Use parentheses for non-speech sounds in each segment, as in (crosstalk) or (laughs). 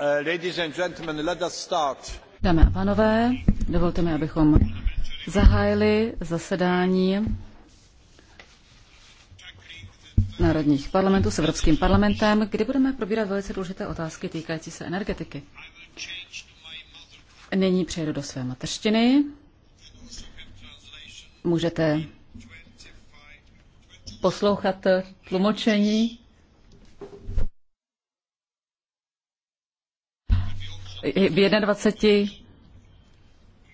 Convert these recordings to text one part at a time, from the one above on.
Uh, Dámy a pánové, dovolte mi, abychom zahájili zasedání národních parlamentů s Evropským parlamentem, kdy budeme probírat velice důležité otázky týkající se energetiky. Nyní přejdu do své mateřštiny. Můžete poslouchat tlumočení v 21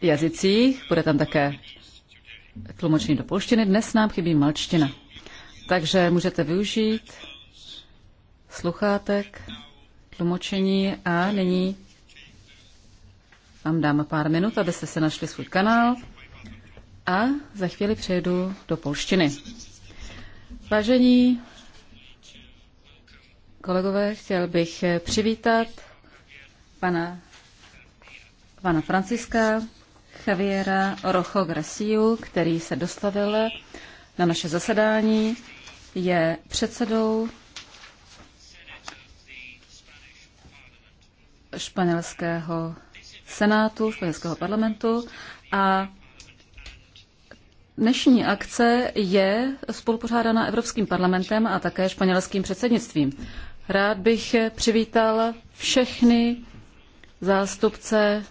jazycích, bude tam také tlumočení do polštiny. Dnes nám chybí malčtina. Takže můžete využít sluchátek, tlumočení a nyní vám dám pár minut, abyste se našli svůj kanál a za chvíli přejdu do polštiny. Vážení kolegové, chtěl bych přivítat pana, pana Franciska Javiera Rocho Graciu, který se dostavil na naše zasedání, je předsedou španělského senátu, španělského parlamentu a Dnešní akce je spolupořádána Evropským parlamentem a také španělským předsednictvím. Rád bych přivítal všechny zástupce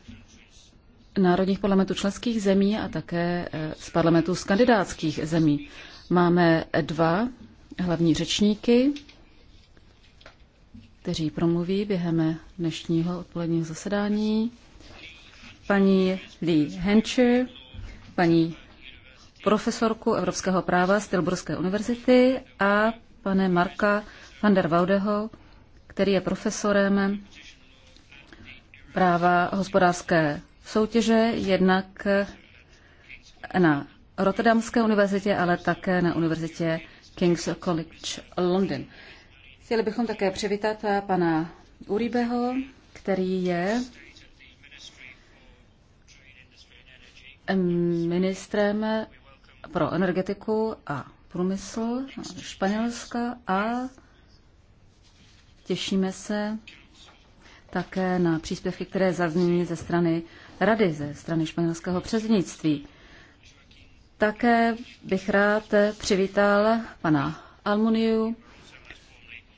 národních parlamentů členských zemí a také eh, z parlamentů z kandidátských zemí. Máme dva hlavní řečníky, kteří promluví během dnešního odpoledního zasedání. Paní Lee Hencher, paní profesorku evropského práva z Tilburské univerzity a pane Marka van der Waudeho, který je profesorem práva hospodářské soutěže, jednak na Rotterdamské univerzitě, ale také na univerzitě King's College London. Chtěli bychom také přivítat pana Uribeho, který je ministrem pro energetiku a průmysl Španělska a těšíme se také na příspěvky, které zazní ze strany Rady, ze strany španělského předsednictví. Také bych rád přivítal pana Almuniu,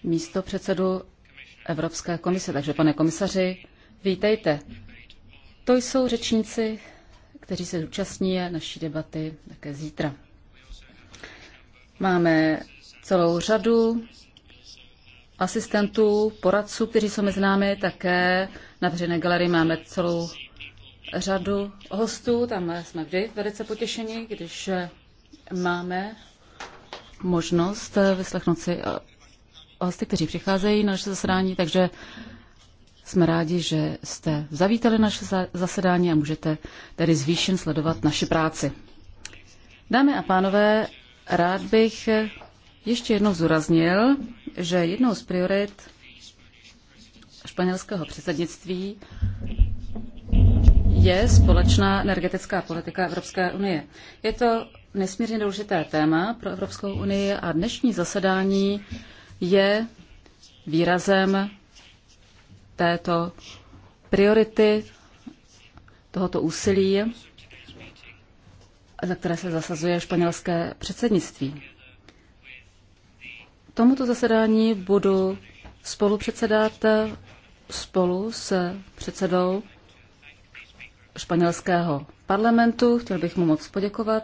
místo předsedu Evropské komise. Takže, pane komisaři, vítejte. To jsou řečníci, kteří se zúčastní naší debaty také zítra. Máme celou řadu asistentů, poradců, kteří jsou mezi námi. Také na veřejné galerii máme celou řadu hostů. Tam jsme vždy velice potěšeni, když máme možnost vyslechnout si eh, hosty, kteří přicházejí na naše zasedání, takže jsme rádi, že jste zavítali naše zasedání a můžete tedy zvýšen sledovat naši práci. Dámy a pánové, rád bych ještě jednou zúraznil, že jednou z priorit španělského předsednictví je společná energetická politika Evropské unie. Je to nesmírně důležité téma pro Evropskou unii a dnešní zasedání je výrazem této priority, tohoto úsilí, za které se zasazuje španělské předsednictví. Tomuto zasedání budu spolupředsedat spolu s předsedou španělského parlamentu. Chtěl bych mu moc poděkovat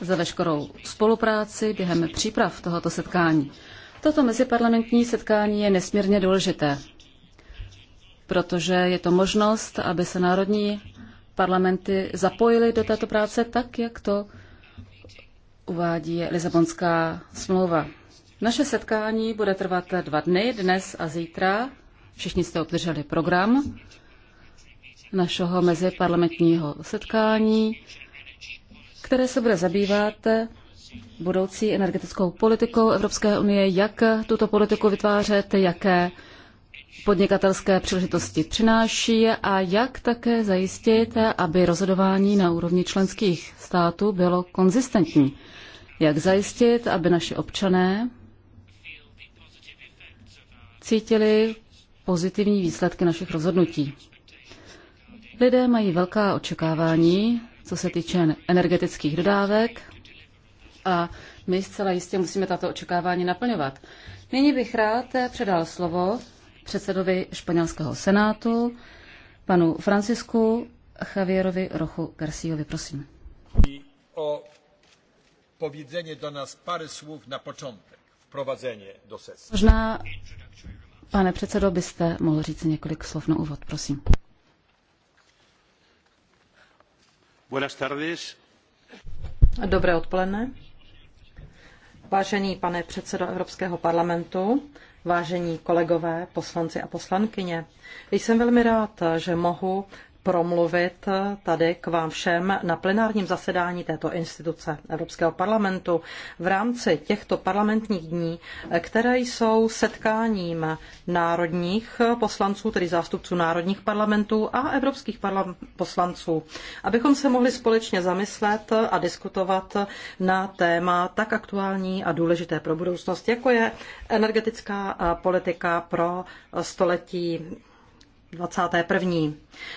za veškerou spolupráci během příprav tohoto setkání. Toto meziparlamentní setkání je nesmírně důležité, protože je to možnost, aby se národní parlamenty zapojily do této práce tak, jak to uvádí Lisabonská smlouva. Naše setkání bude trvat dva dny, dnes a zítra. Všichni jste obdrželi program našeho meziparlamentního setkání, které se bude zabývat budoucí energetickou politikou Evropské unie, jak tuto politiku vytvářet, jaké podnikatelské příležitosti přináší a jak také zajistit, aby rozhodování na úrovni členských států bylo konzistentní jak zajistit, aby naši občané cítili pozitivní výsledky našich rozhodnutí. Lidé mají velká očekávání, co se týče energetických dodávek a my zcela jistě musíme tato očekávání naplňovat. Nyní bych rád předal slovo předsedovi španělského senátu, panu Francisku Javierovi Rochu Garciovi, prosím powiedzenie do nas pary słów na początek, wprowadzenie do sesji. Možná, pane předsedo, byste mohl říct několik slov na úvod, prosím. Buenas tardes. Dobré odpoledne. Vážený pane předsedo Evropského parlamentu, vážení kolegové, poslanci a poslankyně, jsem velmi rád, že mohu promluvit tady k vám všem na plenárním zasedání této instituce Evropského parlamentu v rámci těchto parlamentních dní, které jsou setkáním národních poslanců, tedy zástupců národních parlamentů a evropských poslanců, abychom se mohli společně zamyslet a diskutovat na téma tak aktuální a důležité pro budoucnost, jako je energetická politika pro století 21.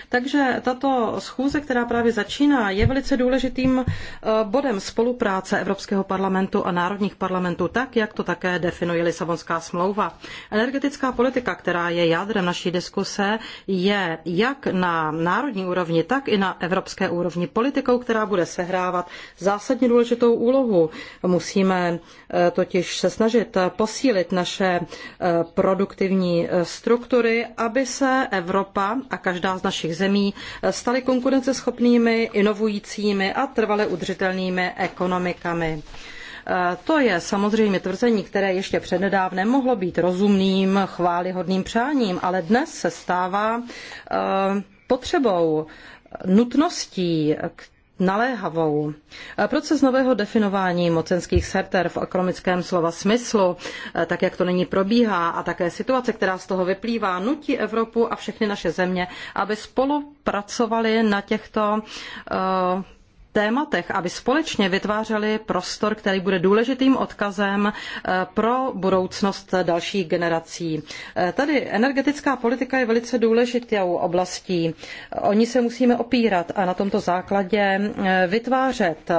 Takže tato schůze, která právě začíná, je velice důležitým eh, bodem spolupráce Evropského parlamentu a národních parlamentů, tak jak to také definuje Lisabonská smlouva. Energetická politika, která je jádrem naší diskuse, je jak na národní úrovni, tak i na evropské úrovni politikou, která bude sehrávat zásadně důležitou úlohu. Musíme eh, totiž se snažit posílit naše eh, produktivní struktury, aby se Evropa a každá z našich zemí staly konkurenceschopnými, inovujícími a trvale udržitelnými ekonomikami. E, to je samozřejmě tvrzení, které ještě přednedávnem mohlo být rozumným, chválihodným přáním, ale dnes se stává e, potřebou, e, nutností, naléhavou. Proces nového definování mocenských serter v ekonomickém slova smyslu, eh, tak jak to nyní probíhá a také situace, která z toho vyplývá, nutí Evropu a všechny naše země, aby spolupracovali na těchto uh, tématech, aby společně vytvářeli prostor, který bude důležitým odkazem eh, pro budoucnost dalších generací. Eh, tady energetická politika je velice důležitou oblastí. O se musíme opírat a na tomto základě eh, vytvářet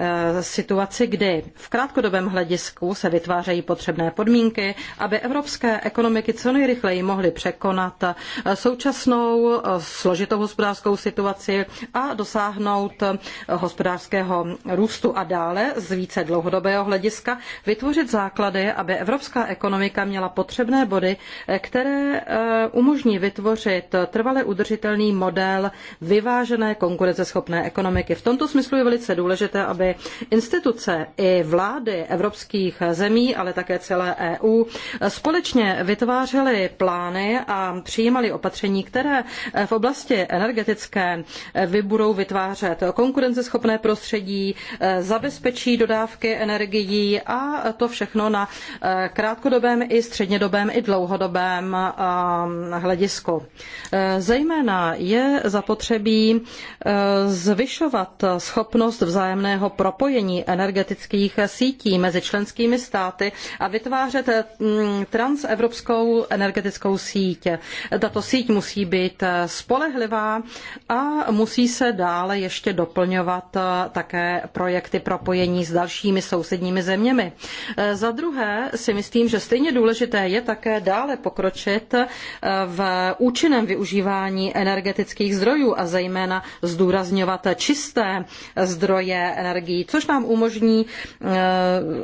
Eh, situaci, kdy v krátkodobém hledisku se vytvářejí potřebné podmínky, aby evropské ekonomiky co nejrychleji mohly překonat eh, současnou eh, složitou hospodářskou situaci a dosáhnout hospodářského růstu a dále z více dlouhodobého hlediska vytvořit základy, aby evropská ekonomika měla potřebné body, které umožní vytvořit trvale udržitelný model vyvážené konkurenceschopné ekonomiky. V tomto smyslu je velice důležité, aby aby instituce i vlády evropských zemí, ale také celé EU společně vytvářely plány a přijímaly opatření, které v oblasti energetické budou vytvářet konkurenceschopné prostředí, zabezpečí dodávky energií a to všechno na krátkodobém i střednědobém i dlouhodobém um, hledisku. Zejména je zapotřebí uh, zvyšovat schopnost vzájemného propojení energetických sítí mezi členskými státy a vytvářet mm, transevropskou energetickou síť. Tato síť musí být spolehlivá a musí se dále ještě doplňovat také projekty propojení s dalšími sousedními zeměmi. Za druhé si myslím, že stejně důležité je také dále pokročit v účinném využívání energetických zdrojů a zejména zdůrazňovat čisté zdroje energetické energií, což nám umožní eh,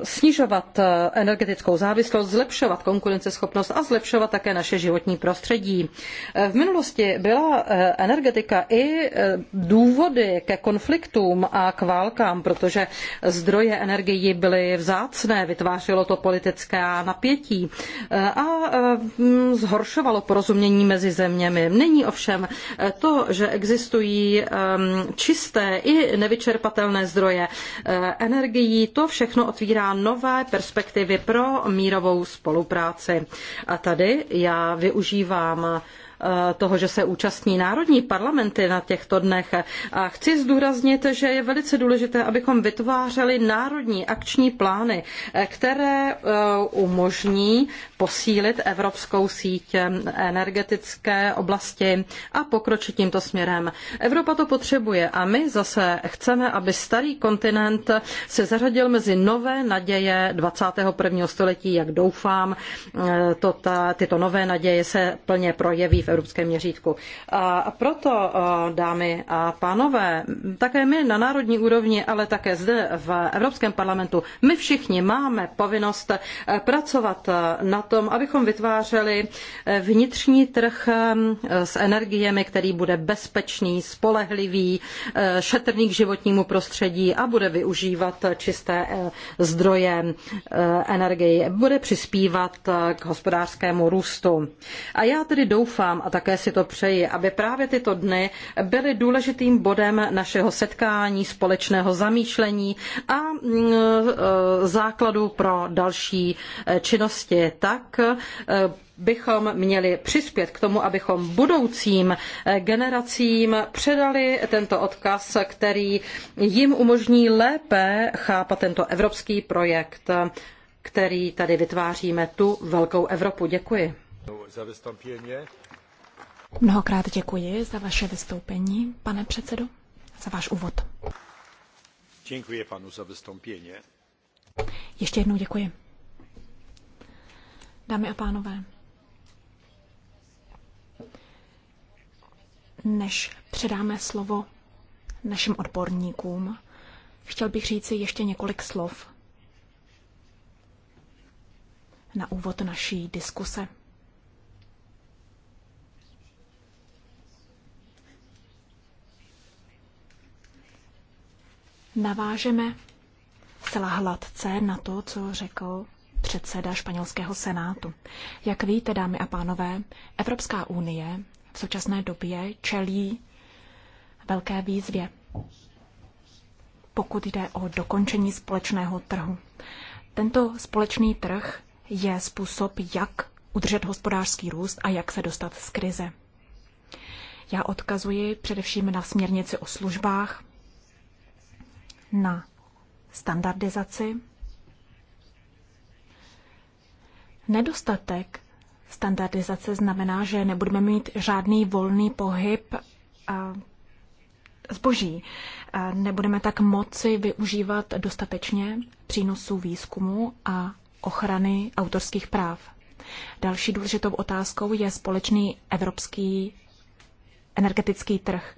snižovat eh, energetickou závislost, zlepšovat konkurenceschopnost a zlepšovat také naše životní prostředí. Eh, v minulosti byla energetika i důvody ke konfliktům a k válkám, protože zdroje energií byly vzácné, vytvářelo to politická napětí a mm, zhoršovalo porozumění mezi zeměmi. Není ovšem to, že existují ehm, čisté i nevyčerpatelné zdroje, Eh, energií. To všechno otvírá nové perspektivy pro mírovou spolupráci. A tady já využívám Eh, toho, že se účastní národní parlamenty na těchto dnech. A chci zdůraznit, že je velice důležité, abychom vytvářeli národní akční plány, eh, které eh, umožní posílit evropskou síť energetické oblasti a pokročit tímto směrem. Evropa to potřebuje a my zase chceme, aby starý kontinent se zařadil mezi nové naděje 21. století, jak doufám, to ta, tyto nové naděje se plně projeví v evropském měřítku. A proto, dámy a pánové, také my na národní úrovni, ale také zde v Evropském parlamentu, my všichni máme povinnost e, pracovat e, na tom, abychom vytvářeli e, vnitřní trh s energiemi, který bude bezpečný, spolehlivý, šetrný k životnímu prostředí a bude využívat čisté zdroje energie, bude přispívat k hospodářskému růstu. A já tedy doufám, žádám a také si to přeji, aby právě tyto dny byly důležitým bodem našeho setkání, společného zamýšlení a mm, e, základu pro další e, činnosti. Tak e, bychom měli přispět k tomu, abychom budoucím generacím předali tento odkaz, který jim umožní lépe chápat tento evropský projekt, který tady vytváříme, tu velkou Evropu. Děkuji. Za Mnohokrát děkuji za vaše vystoupení, pane předsedo, za váš úvod. Děkuji panu za vystoupení. Ještě jednou děkuji. Dámy a pánové, než předáme slovo našim odborníkům, chtěl bych říci ještě několik slov na úvod naší diskuse. navážeme celá hladce na to, co řekl předseda španělského senátu. Jak víte, dámy a pánové, Evropská unie v současné době čelí velké výzvě, pokud jde o dokončení společného trhu. Tento společný trh je způsob, jak udržet hospodářský růst a jak se dostat z krize. Já odkazuji především na směrnici o službách, na standardizaci. Nedostatek standardizace znamená, že nebudeme mít žádný volný pohyb eh, zboží. Eh, nebudeme tak moci využívat dostatečně přínosů výzkumu a ochrany autorských práv. Další důležitou otázkou je společný evropský energetický trh.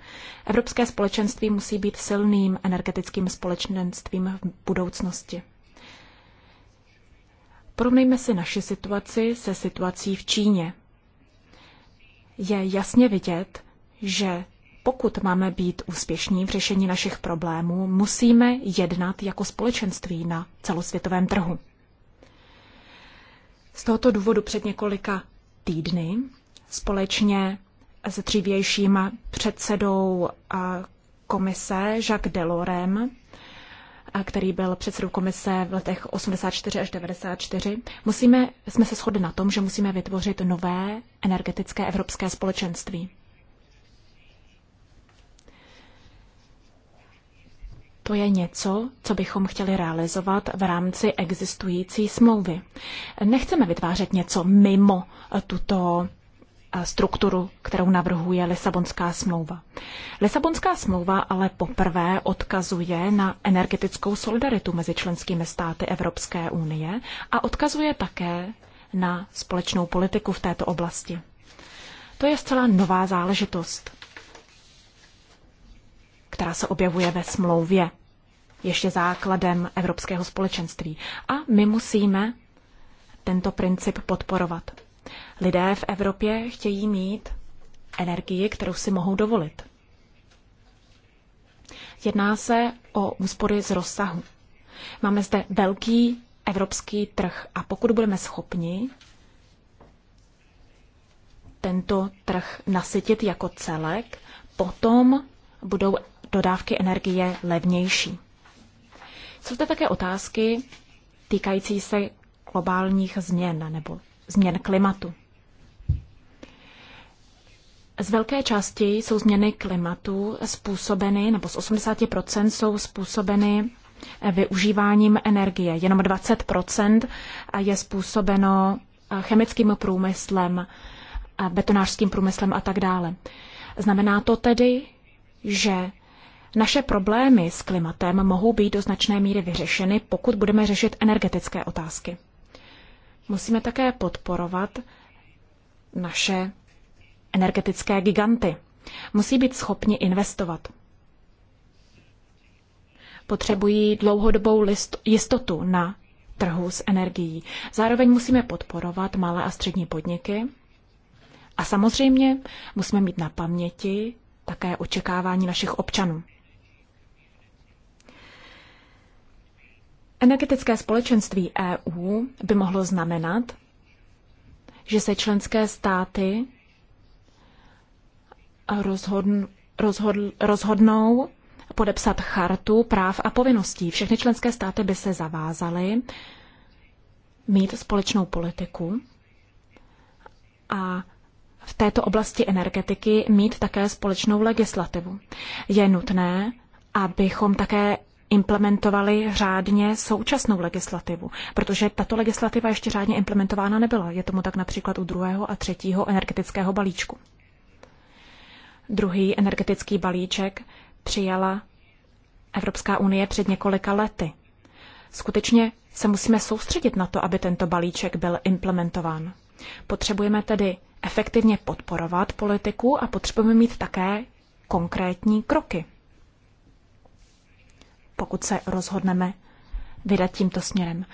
Evropské společenství musí být silným energetickým společenstvím v budoucnosti. Porovnejme si naši situaci se situací v Číně. Je jasně vidět, že pokud máme být úspěšní v řešení našich problémů, musíme jednat jako společenství na celosvětovém trhu. Z tohoto důvodu před několika týdny společně s dřívějším předsedou komise Jacques Delorem, který byl předsedou komise v letech 84 až 94, musíme, jsme se shodli na tom, že musíme vytvořit nové energetické evropské společenství. To je něco, co bychom chtěli realizovat v rámci existující smlouvy. Nechceme vytvářet něco mimo tuto strukturu, kterou navrhuje Lisabonská smlouva. Lisabonská smlouva ale poprvé odkazuje na energetickou solidaritu mezi členskými státy Evropské unie a odkazuje také na společnou politiku v této oblasti. To je zcela nová záležitost, která se objevuje ve smlouvě, ještě základem Evropského společenství. A my musíme tento princip podporovat. Lidé v Evropě chtějí mít energii, kterou si mohou dovolit. Jedná se o úspory z rozsahu. Máme zde velký evropský trh a pokud budeme schopni tento trh nasytit jako celek, potom budou dodávky energie levnější. Jsou zde také otázky týkající se globálních změn nebo změn klimatu. Z velké části jsou změny klimatu způsobeny, nebo z 80% jsou způsobeny eh, využíváním energie. Jenom 20% eh, je způsobeno eh, chemickým průmyslem, betonářským průmyslem a tak dále. Znamená to tedy, že naše problémy s klimatem mohou být do značné míry vyřešeny, pokud budeme řešit energetické otázky musíme také podporovat naše energetické giganty. Musí být schopni investovat. Potřebují dlouhodobou list, jistotu na trhu s energií. Zároveň musíme podporovat malé a střední podniky. A samozřejmě musíme mít na paměti také očekávání našich občanů. Energetické společenství EU by mohlo znamenat, že se členské státy rozhodn, rozhodl, rozhodnou podepsat chartu práv a povinností. Všechny členské státy by se zavázaly mít společnou politiku a v této oblasti energetiky mít také společnou legislativu. Je nutné, abychom také implementovali řádně současnou legislativu, protože tato legislativa ještě řádně implementována nebyla. Je tomu tak například u druhého a třetího energetického balíčku. Druhý energetický balíček přijala Evropská unie před několika lety. Skutečně se musíme soustředit na to, aby tento balíček byl implementován. Potřebujeme tedy efektivně podporovat politiku a potřebujeme mít také konkrétní kroky pokud se rozhodneme vydat tímto směrem.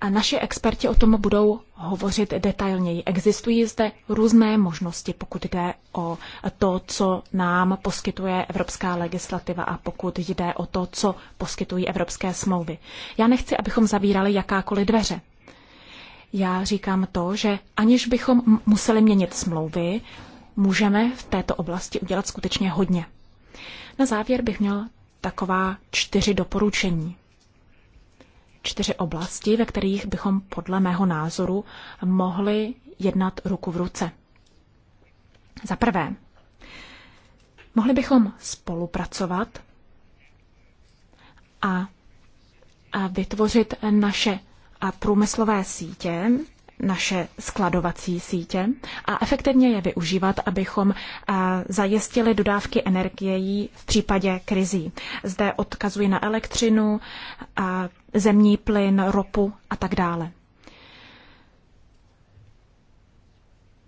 A naši experti o tom budou hovořit detailněji. Existují zde různé možnosti, pokud jde o to, co nám poskytuje evropská legislativa a pokud jde o to, co poskytují evropské smlouvy. Já nechci, abychom zavírali jakákoliv dveře. Já říkám to, že aniž bychom museli měnit smlouvy, můžeme v této oblasti udělat skutečně hodně. Na závěr bych měl taková čtyři doporučení. Čtyři oblasti, ve kterých bychom podle mého názoru mohli jednat ruku v ruce. Za prvé, mohli bychom spolupracovat a, a vytvořit naše a průmyslové sítě naše skladovací sítě a efektivně je využívat, abychom eh, zajistili dodávky energie v případě krizí. Zde odkazuji na elektřinu, eh, zemní plyn, ropu a tak dále.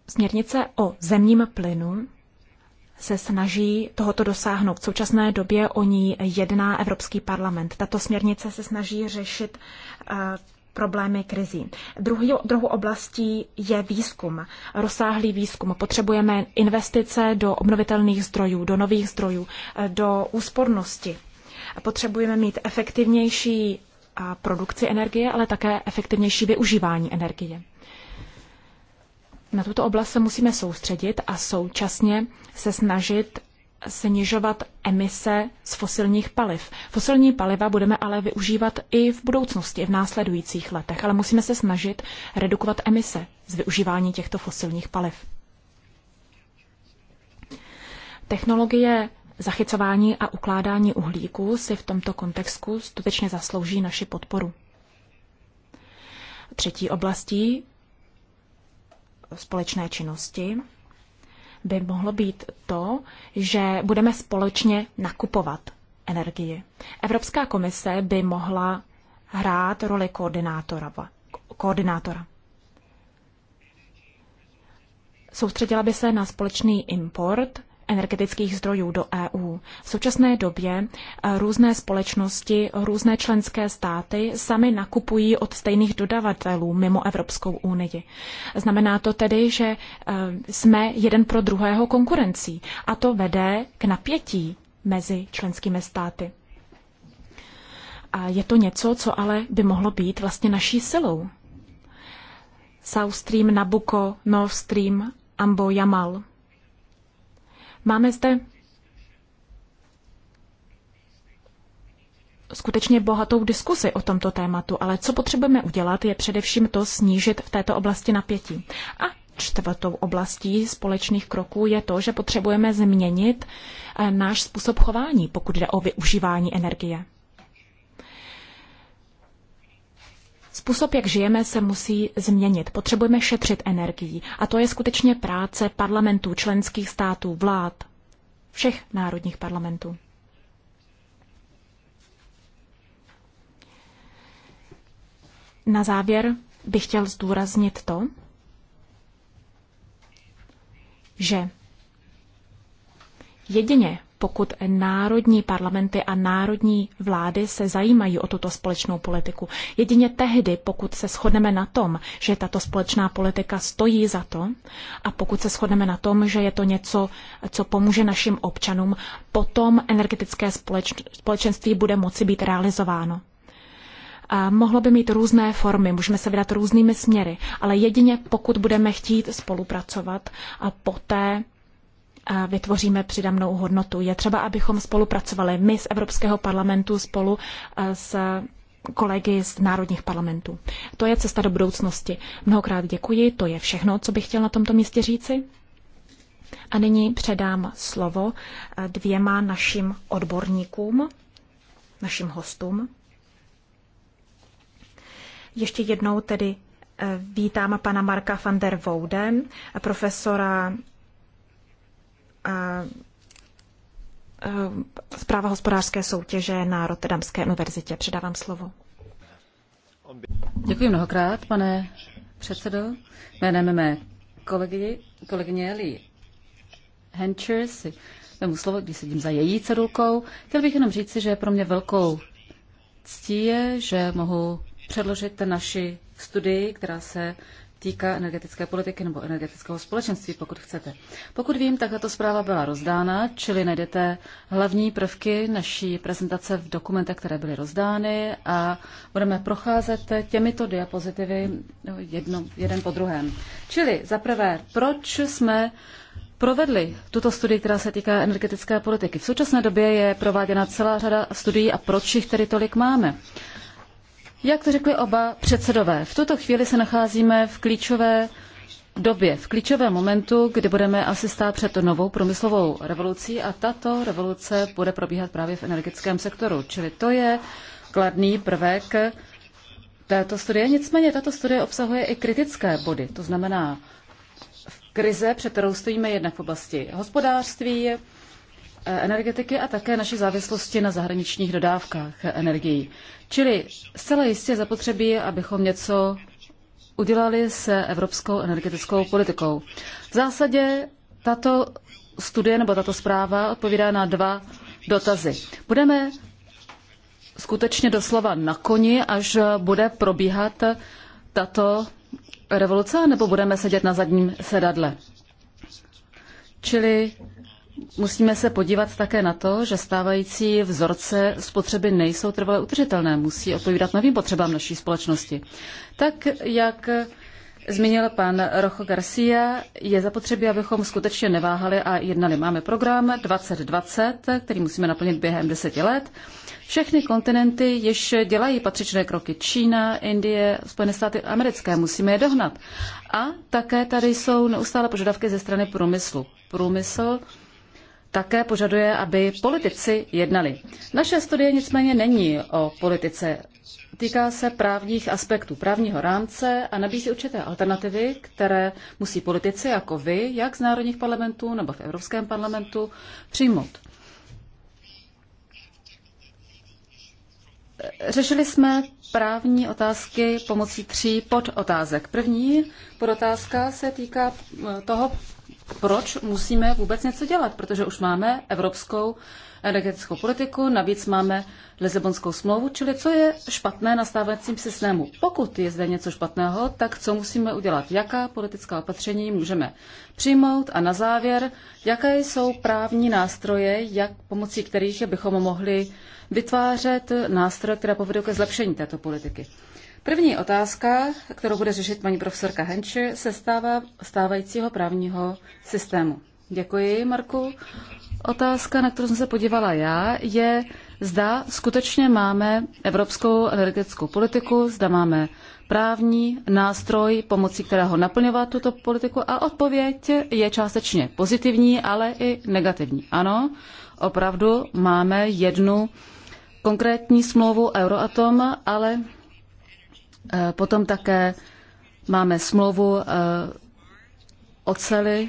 Směrnice o zemním plynu se snaží tohoto dosáhnout. V současné době o ní jedná Evropský parlament. Tato směrnice se snaží řešit eh, problémy krizí. Druhý, druhou oblastí je výzkum, rozsáhlý výzkum. Potřebujeme investice do obnovitelných zdrojů, do nových zdrojů, eh, do úspornosti. Potřebujeme mít efektivnější eh, produkci energie, ale také efektivnější využívání energie. Na tuto oblast se musíme soustředit a současně se snažit snižovat emise z fosilních paliv. Fosilní paliva budeme ale využívat i v budoucnosti, v následujících letech, ale musíme se snažit redukovat emise z využívání těchto fosilních paliv. Technologie zachycování a ukládání uhlíku si v tomto kontextu skutečně zaslouží naši podporu. Třetí oblastí společné činnosti by mohlo být to, že budeme společně nakupovat energii. Evropská komise by mohla hrát roli koordinátora. koordinátora. Soustředila by se na společný import energetických zdrojů do EU. V současné době eh, různé společnosti, různé členské státy sami nakupují od stejných dodavatelů mimo Evropskou unii. Znamená to tedy, že eh, jsme jeden pro druhého konkurencí a to vede k napětí mezi členskými státy. A je to něco, co ale by mohlo být vlastně naší silou. South Stream, Nabucco, North Stream, Ambo, Jamal – Máme zde skutečně bohatou diskusi o tomto tématu, ale co potřebujeme udělat, je především to snížit v této oblasti napětí. A čtvrtou oblastí společných kroků je to, že potřebujeme změnit eh, náš způsob chování, pokud jde o využívání energie. Způsob, jak žijeme, se musí změnit. Potřebujeme šetřit energii. A to je skutečně práce parlamentů, členských států, vlád, všech národních parlamentů. Na závěr bych chtěl zdůraznit to, že jedině pokud národní parlamenty a národní vlády se zajímají o tuto společnou politiku. Jedině tehdy, pokud se shodneme na tom, že tato společná politika stojí za to a pokud se shodneme na tom, že je to něco, co pomůže našim občanům, potom energetické společ... společenství bude moci být realizováno. A mohlo by mít různé formy, můžeme se vydat různými směry, ale jedině pokud budeme chtít spolupracovat a poté vytvoříme přidanou hodnotu. Je třeba, abychom spolupracovali my z Evropského parlamentu spolu e, s kolegy z národních parlamentů. To je cesta do budoucnosti. Mnohokrát děkuji, to je všechno, co bych chtěl na tomto místě říci. A nyní předám slovo e, dvěma našim odborníkům, našim hostům. Ještě jednou tedy e, vítám pana Marka van der Wouden, profesora zpráva hospodářské soutěže na Rotterdamské univerzitě. Předávám slovo. Děkuji mnohokrát, pane předsedo. Jménem mé kolegy, kolegyně Eli Henchers, vemu slovo, když sedím za její cedulkou. Chtěl bych jenom říci, že je pro mě velkou ctí že mohu předložit naši studii, která se týká energetické politiky nebo energetického společenství, pokud chcete. Pokud vím, tak tato zpráva byla rozdána, čili najdete hlavní prvky naší prezentace v dokumentech, které byly rozdány a budeme procházet těmito diapozitivy no, jedno, jeden po druhém. Čili za prvé, proč jsme provedli tuto studii, která se týká energetické politiky. V současné době je prováděna celá řada studií a proč jich tedy tolik máme? Jak to řekli oba předsedové, v tuto chvíli se nacházíme v klíčové době, v klíčovém momentu, kdy budeme asi stát před novou průmyslovou revolucí a tato revoluce bude probíhat právě v energetickém sektoru. Čili to je kladný prvek této studie. Nicméně tato studie obsahuje i kritické body, to znamená krize, před kterou stojíme jednak v oblasti hospodářství, eh, energetiky a také naší závislosti na zahraničních dodávkách energií. Čili zcela jistě zapotřebí, abychom něco udělali se evropskou energetickou politikou. V zásadě tato studie nebo tato zpráva odpovídá na dva dotazy. Budeme skutečně doslova na koni, až bude probíhat tato revoluce, nebo budeme sedět na zadním sedadle. Čili Musíme se podívat také na to, že stávající vzorce spotřeby nejsou trvale udržitelné, musí odpovídat novým potřebám naší společnosti. Tak, jak zmínil pan Rocho Garcia, je zapotřebí, abychom skutečně neváhali a jednali. Máme program 2020, který musíme naplnit během deseti let. Všechny kontinenty již dělají patřičné kroky. Čína, Indie, Spojené státy americké. Musíme je dohnat. A také tady jsou neustále požadavky ze strany průmyslu. Průmysl také požaduje, aby politici jednali. Naše studie nicméně není o politice. Týká se právních aspektů, právního rámce a nabízí určité alternativy, které musí politici jako vy, jak z národních parlamentů nebo v Evropském parlamentu, přijmout. Řešili jsme právní otázky pomocí tří podotázek. První podotázka se týká toho, proč musíme vůbec něco dělat, protože už máme evropskou energetickou politiku, navíc máme Lisabonskou smlouvu, čili co je špatné na stávajícím systému. Pokud je zde něco špatného, tak co musíme udělat, jaká politická opatření můžeme přijmout a na závěr, jaké jsou právní nástroje, jak pomocí kterých bychom mohli vytvářet nástroje, které povedou ke zlepšení této politiky. První otázka, kterou bude řešit paní profesorka Henče, se stává stávajícího právního systému. Děkuji, Marku. Otázka, na kterou jsem se podívala já, je, zda skutečně máme evropskou energetickou politiku, zda máme právní nástroj, pomocí kterého naplňovat tuto politiku a odpověď je částečně pozitivní, ale i negativní. Ano, opravdu máme jednu konkrétní smlouvu Euroatom, ale Eh, potom také máme smlouvu eh, oceli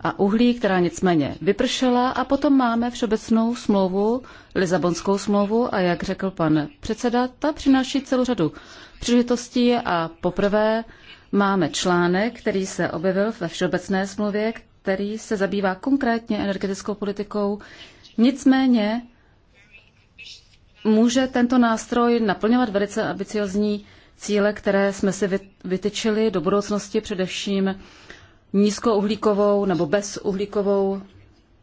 a uhlí, která nicméně vypršela a potom máme všeobecnou smlouvu, Lizabonskou smlouvu a jak řekl pan předseda, ta přináší celou řadu příležitostí a poprvé máme článek, který se objevil ve všeobecné smlouvě, který se zabývá konkrétně energetickou politikou. Nicméně může tento nástroj naplňovat velice ambiciozní cíle, které jsme si vytyčili do budoucnosti, především nízkouhlíkovou nebo bezuhlíkovou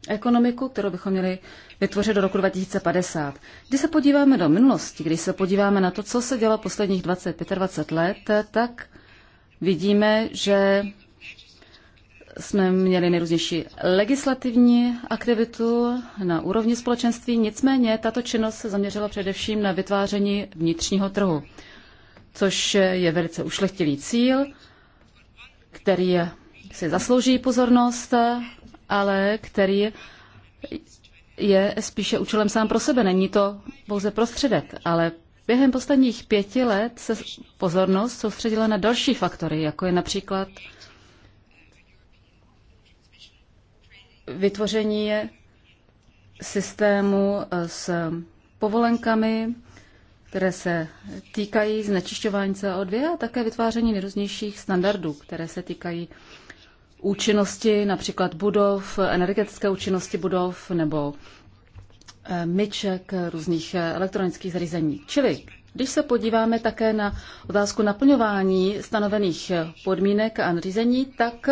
ekonomiku, kterou bychom měli vytvořit do roku 2050. Když se podíváme do minulosti, když se podíváme na to, co se dělo posledních 20, 25 let, tak vidíme, že jsme měli nejrůznější legislativní aktivitu na úrovni společenství, nicméně tato činnost se zaměřila především na vytváření vnitřního trhu což je velice ušlechtilý cíl, který si zaslouží pozornost, ale který je spíše účelem sám pro sebe. Není to pouze prostředek, ale během posledních pěti let se pozornost soustředila na další faktory, jako je například vytvoření systému s povolenkami které se týkají znečišťování CO2 a také vytváření nejrůznějších standardů, které se týkají účinnosti například budov, energetické účinnosti budov nebo eh, myček různých eh, elektronických zařízení. Čili když se podíváme také na otázku naplňování stanovených eh, podmínek a nařízení, tak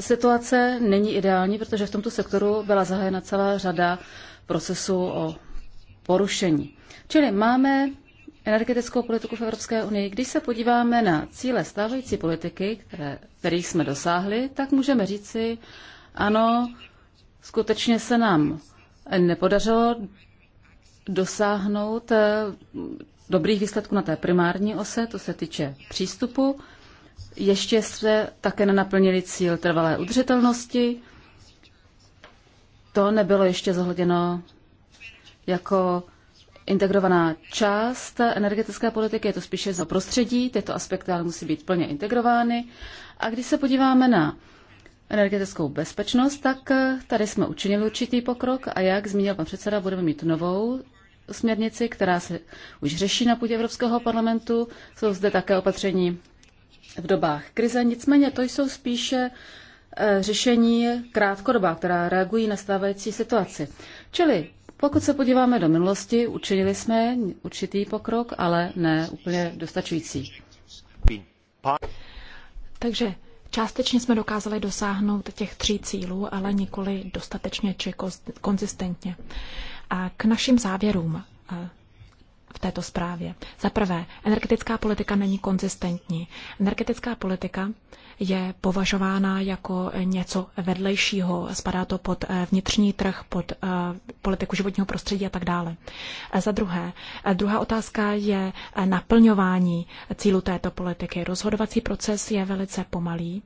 situace není ideální, protože v tomto sektoru byla zahájena celá řada procesů o porušení. Čili máme energetickou politiku v Evropské unii. Když se podíváme na cíle stávající politiky, které, kterých jsme dosáhli, tak můžeme říci, ano, skutečně se nám nepodařilo dosáhnout eh, dobrých výsledků na té primární ose, to se týče přístupu. Ještě jsme také nenaplnili cíl trvalé udržitelnosti. To nebylo ještě zohleděno jako integrovaná část energetické politiky, je to spíše za prostředí, tyto aspekty ale musí být plně integrovány. A když se podíváme na energetickou bezpečnost, tak tady jsme učinili určitý pokrok a jak zmínil pan předseda, budeme mít novou směrnici, která se už řeší na půdě Evropského parlamentu. Jsou zde také opatření v dobách krize, nicméně to jsou spíše eh, řešení krátkodobá, která reagují na stávající situaci. Čili pokud se podíváme do minulosti, učinili jsme určitý pokrok, ale ne úplně dostačující. Takže částečně jsme dokázali dosáhnout těch tří cílů, ale nikoli dostatečně či konzistentně. A k našim závěrům eh, v této zprávě. Za prvé, energetická politika není konzistentní. Energetická politika je považována jako něco vedlejšího, spadá to pod eh, vnitřní trh, pod eh, politiku životního prostředí a tak dále. Eh, za druhé, druhá otázka je naplňování cílu této politiky. Rozhodovací proces je velice pomalý.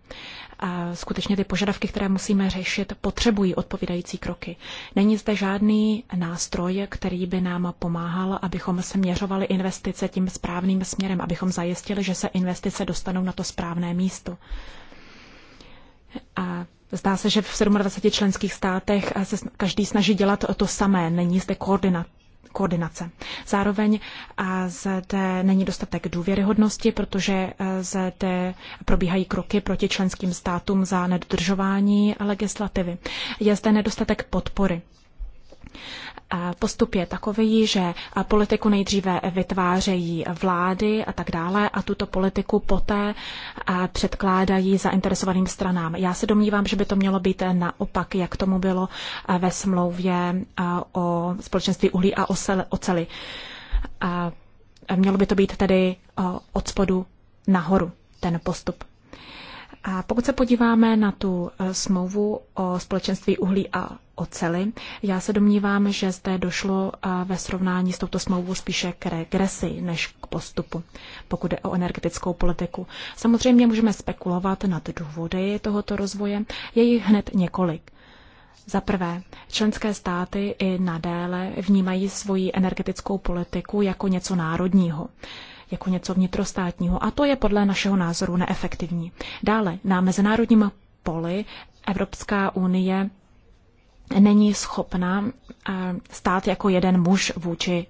Skutečně ty požadavky, které musíme řešit, potřebují odpovídající kroky. Není zde žádný nástroj, který by nám pomáhal, abychom směřovali investice tím správným směrem, abychom zajistili, že se investice dostanou na to správné místo. A Zdá se, že v 27 členských státech se každý snaží dělat to samé, není zde koordinat koordinace. Zároveň a zde není dostatek důvěryhodnosti, protože e, zde probíhají kroky proti členským státům za nedodržování legislativy. Je zde nedostatek podpory. Postup je takový, že politiku nejdříve vytvářejí vlády a tak dále a tuto politiku poté předkládají zainteresovaným stranám. Já se domnívám, že by to mělo být naopak, jak tomu bylo ve smlouvě o společenství uhlí a oceli. Mělo by to být tedy od spodu nahoru ten postup. A pokud se podíváme na tu e, smlouvu o společenství uhlí a oceli. Já se domnívám, že zde došlo ve srovnání s touto smlouvou spíše k regresi než k postupu, pokud je o energetickou politiku. Samozřejmě můžeme spekulovat nad důvody tohoto rozvoje, je jich hned několik. Za prvé, členské státy i nadále vnímají svoji energetickou politiku jako něco národního jako něco vnitrostátního a to je podle našeho názoru neefektivní. Dále na mezinárodním poli Evropská unie není schopna eh, stát jako jeden muž vůči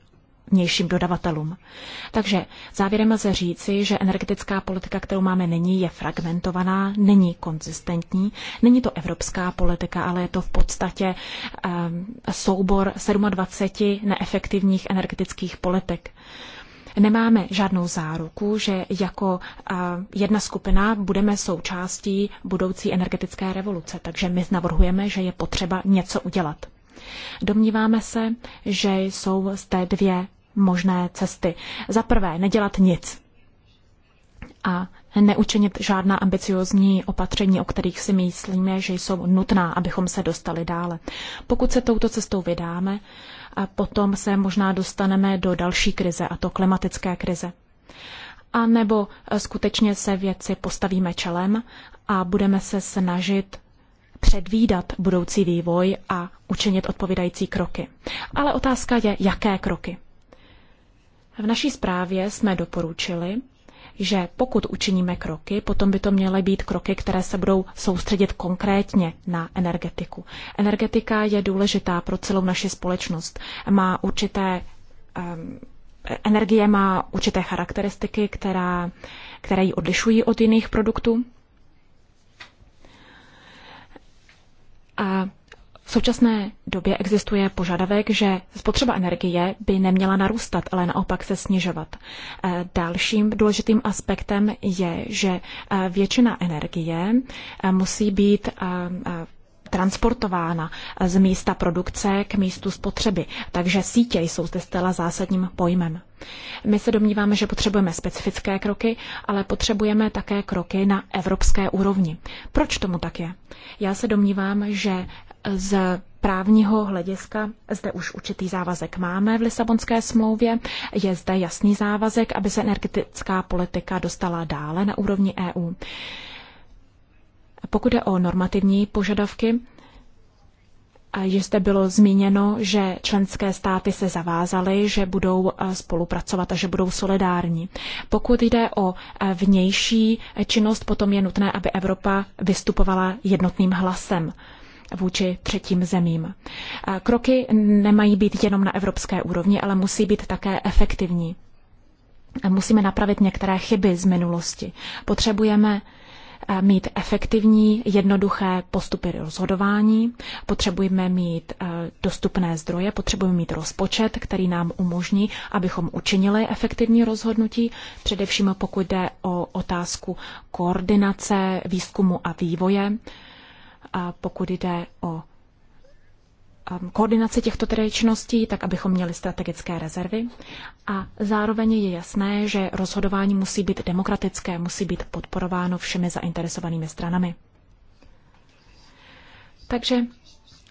vnějším dodavatelům. Takže závěrem lze říci, že energetická politika, kterou máme nyní, je fragmentovaná, není konzistentní. Není to evropská politika, ale je to v podstatě um, soubor 27 neefektivních energetických politik. Uh, Nemáme žádnou záruku, že jako jedna skupina budeme součástí budoucí energetické revoluce, takže my navrhujeme, že je potřeba něco udělat. Domníváme se, že jsou zde dvě možné cesty. Za prvé, nedělat nic a neučinit žádná ambiciozní opatření, o kterých si myslíme, že jsou nutná, abychom se dostali dále. Pokud se touto cestou vydáme, a potom se možná dostaneme do další krize, a to klimatické krize. A nebo eh, skutečně se věci postavíme čelem a budeme se snažit předvídat budoucí vývoj a učinit odpovídající kroky. Ale otázka je, jaké kroky. V naší zprávě jsme doporučili, že pokud učiníme kroky, potom by to měly být kroky, které se budou soustředit konkrétně na energetiku. Energetika je důležitá pro celou naši společnost. Má určité um, energie má určité charakteristiky, která, které ji odlišují od jiných produktů. A současné době existuje požadavek, že spotřeba energie by neměla narůstat, ale naopak se snižovat. Eh, dalším důležitým aspektem je, že eh, většina energie eh, musí být transportována z místa produkce k místu spotřeby. Takže sítě jsou zde stela zásadním pojmem. My se domníváme, že potřebujeme specifické kroky, ale potřebujeme také kroky na evropské úrovni. Proč tomu tak je? Já se domnívám, že z právního hlediska zde už určitý závazek máme v Lisabonské smlouvě. Je zde jasný závazek, aby se energetická politika dostala dále na úrovni EU. Pokud je o normativní požadavky, je zde bylo zmíněno, že členské státy se zavázaly, že budou e, spolupracovat a že budou solidární. Pokud jde o e, vnější činnost, potom je nutné, aby Evropa vystupovala jednotným hlasem vůči třetím zemím. E, kroky nemají být jenom na evropské úrovni, ale musí být také efektivní. Musíme napravit některé chyby z minulosti. Potřebujeme mít efektivní, jednoduché postupy rozhodování, potřebujeme mít eh, dostupné zdroje, potřebujeme mít rozpočet, který nám umožní, abychom učinili efektivní rozhodnutí, především pokud jde o otázku koordinace výzkumu a vývoje, a pokud jde o Um, koordinaci těchto tedy činností, tak abychom měli strategické rezervy. A zároveň je jasné, že rozhodování musí být demokratické, musí být podporováno všemi zainteresovanými stranami. Takže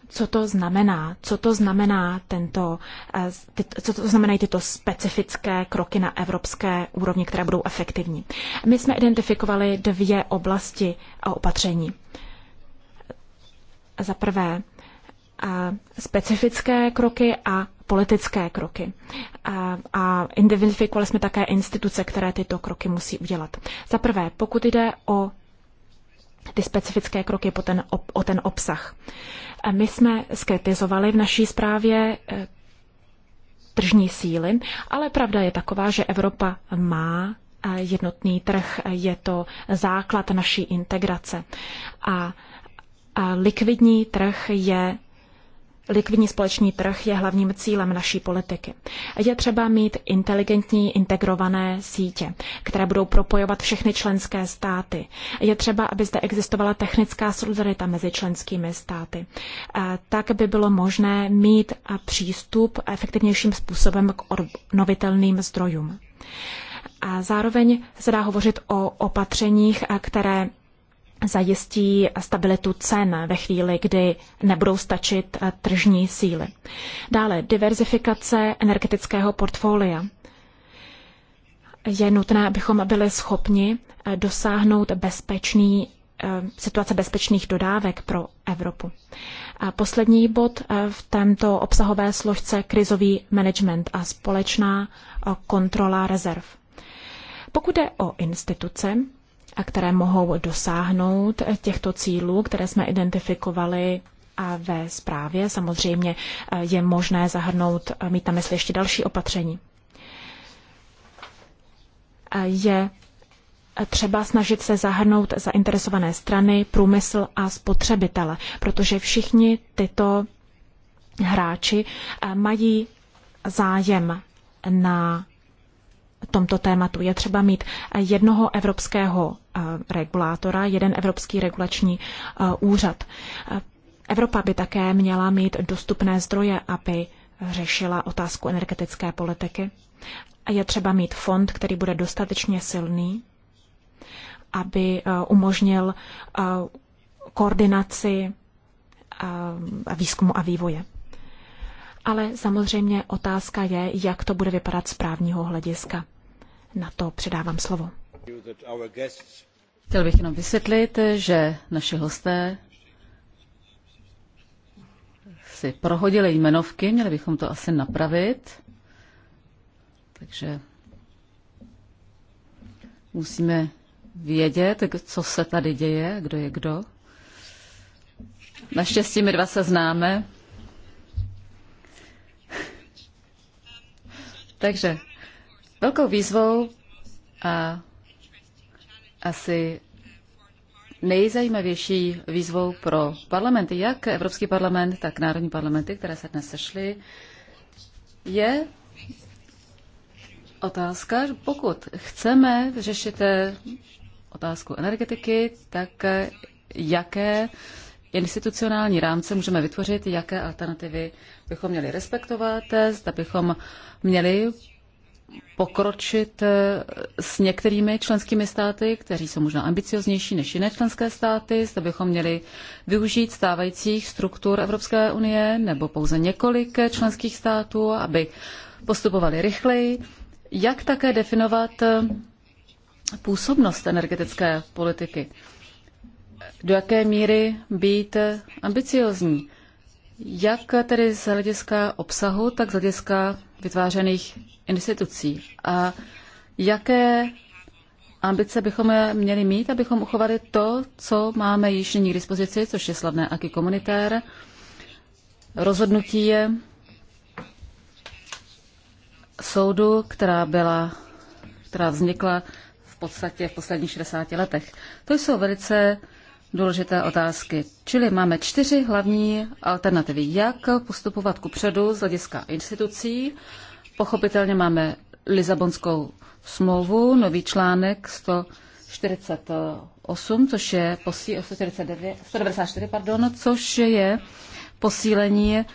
co to znamená? Co to znamená tento, eh, co to znamenají tyto specifické kroky na evropské úrovni, které budou efektivní? My jsme identifikovali dvě oblasti a opatření. Za prvé, specifické kroky a politické kroky. A, a identifikovali jsme také instituce, které tyto kroky musí udělat. Za prvé, pokud jde o ty specifické kroky po ten, o, o ten obsah. My jsme skritizovali v naší zprávě e, tržní síly, ale pravda je taková, že Evropa má e, jednotný trh, je to základ naší integrace. A likvidní trh je Likvidní společný trh je hlavním cílem naší politiky. Je třeba mít inteligentní integrované sítě, které budou propojovat všechny členské státy. Je třeba, aby zde existovala technická solidarita mezi členskými státy. Tak by bylo možné mít přístup efektivnějším způsobem k obnovitelným zdrojům. A zároveň se dá hovořit o opatřeních, které zajistí stabilitu cen ve chvíli, kdy nebudou stačit eh, tržní síly. Dále diverzifikace energetického portfolia. Je nutné, abychom byli schopni eh, dosáhnout bezpečný, eh, situace bezpečných dodávek pro Evropu. A poslední bod v této obsahové složce krizový management a společná kontrola rezerv. Pokud jde o instituce, a které mohou dosáhnout těchto cílů, které jsme identifikovali a ve zprávě. Samozřejmě eh, je možné zahrnout, eh, mít tam mysli ještě další opatření. Eh, je třeba snažit se zahrnout zainteresované strany, průmysl a spotřebitele, protože všichni tyto hráči mají zájem na tomto tématu. Je třeba mít jednoho evropského regulátora, jeden evropský regulační uh, úřad. Uh, Evropa by také měla mít dostupné zdroje, aby řešila otázku energetické politiky. A je třeba mít fond, který bude dostatečně silný, aby uh, umožnil koordinaci výzkumu a vývoje. Ale samozřejmě otázka je, jak to bude vypadat z právního hlediska. Na to předávám slovo. Chtěl bych jenom vysvětlit, že naši hosté si prohodili jmenovky, měli bychom to asi napravit. Takže musíme vědět, co se tady děje, kdo je kdo. Naštěstí my dva se známe. (laughs) Takže velkou výzvou a asi nejzajímavější výzvou pro parlamenty, jak Evropský parlament, tak národní parlamenty, které se dnes sešly, je otázka, že pokud chceme řešit eh, otázku energetiky, tak eh, jaké institucionální rámce můžeme vytvořit, jaké alternativy bychom měli respektovat, eh, zda bychom měli pokročit eh, s některými členskými státy, kteří jsou možná ambicioznější než jiné členské státy, zda bychom měli využít stávajících struktur Evropské unie nebo pouze několik eh, členských států, aby postupovali rychleji. Jak také definovat eh, působnost energetické politiky? Do jaké míry být ambiciozní? Jak tedy z hlediska obsahu, tak z hlediska vytvářených institucí a jaké ambice bychom měli mít, abychom uchovali to, co máme již nyní k dispozici, což je slavné aky komunitér. Rozhodnutí je soudu, která byla, která vznikla v podstatě v posledních 60 letech. To jsou velice důležité otázky. Čili máme čtyři hlavní alternativy. Jak postupovat ku předu z hlediska institucí? Pochopitelně máme Lizabonskou smlouvu, nový článek 148, což je posí, 149, 194, pardon, což je posílení eh,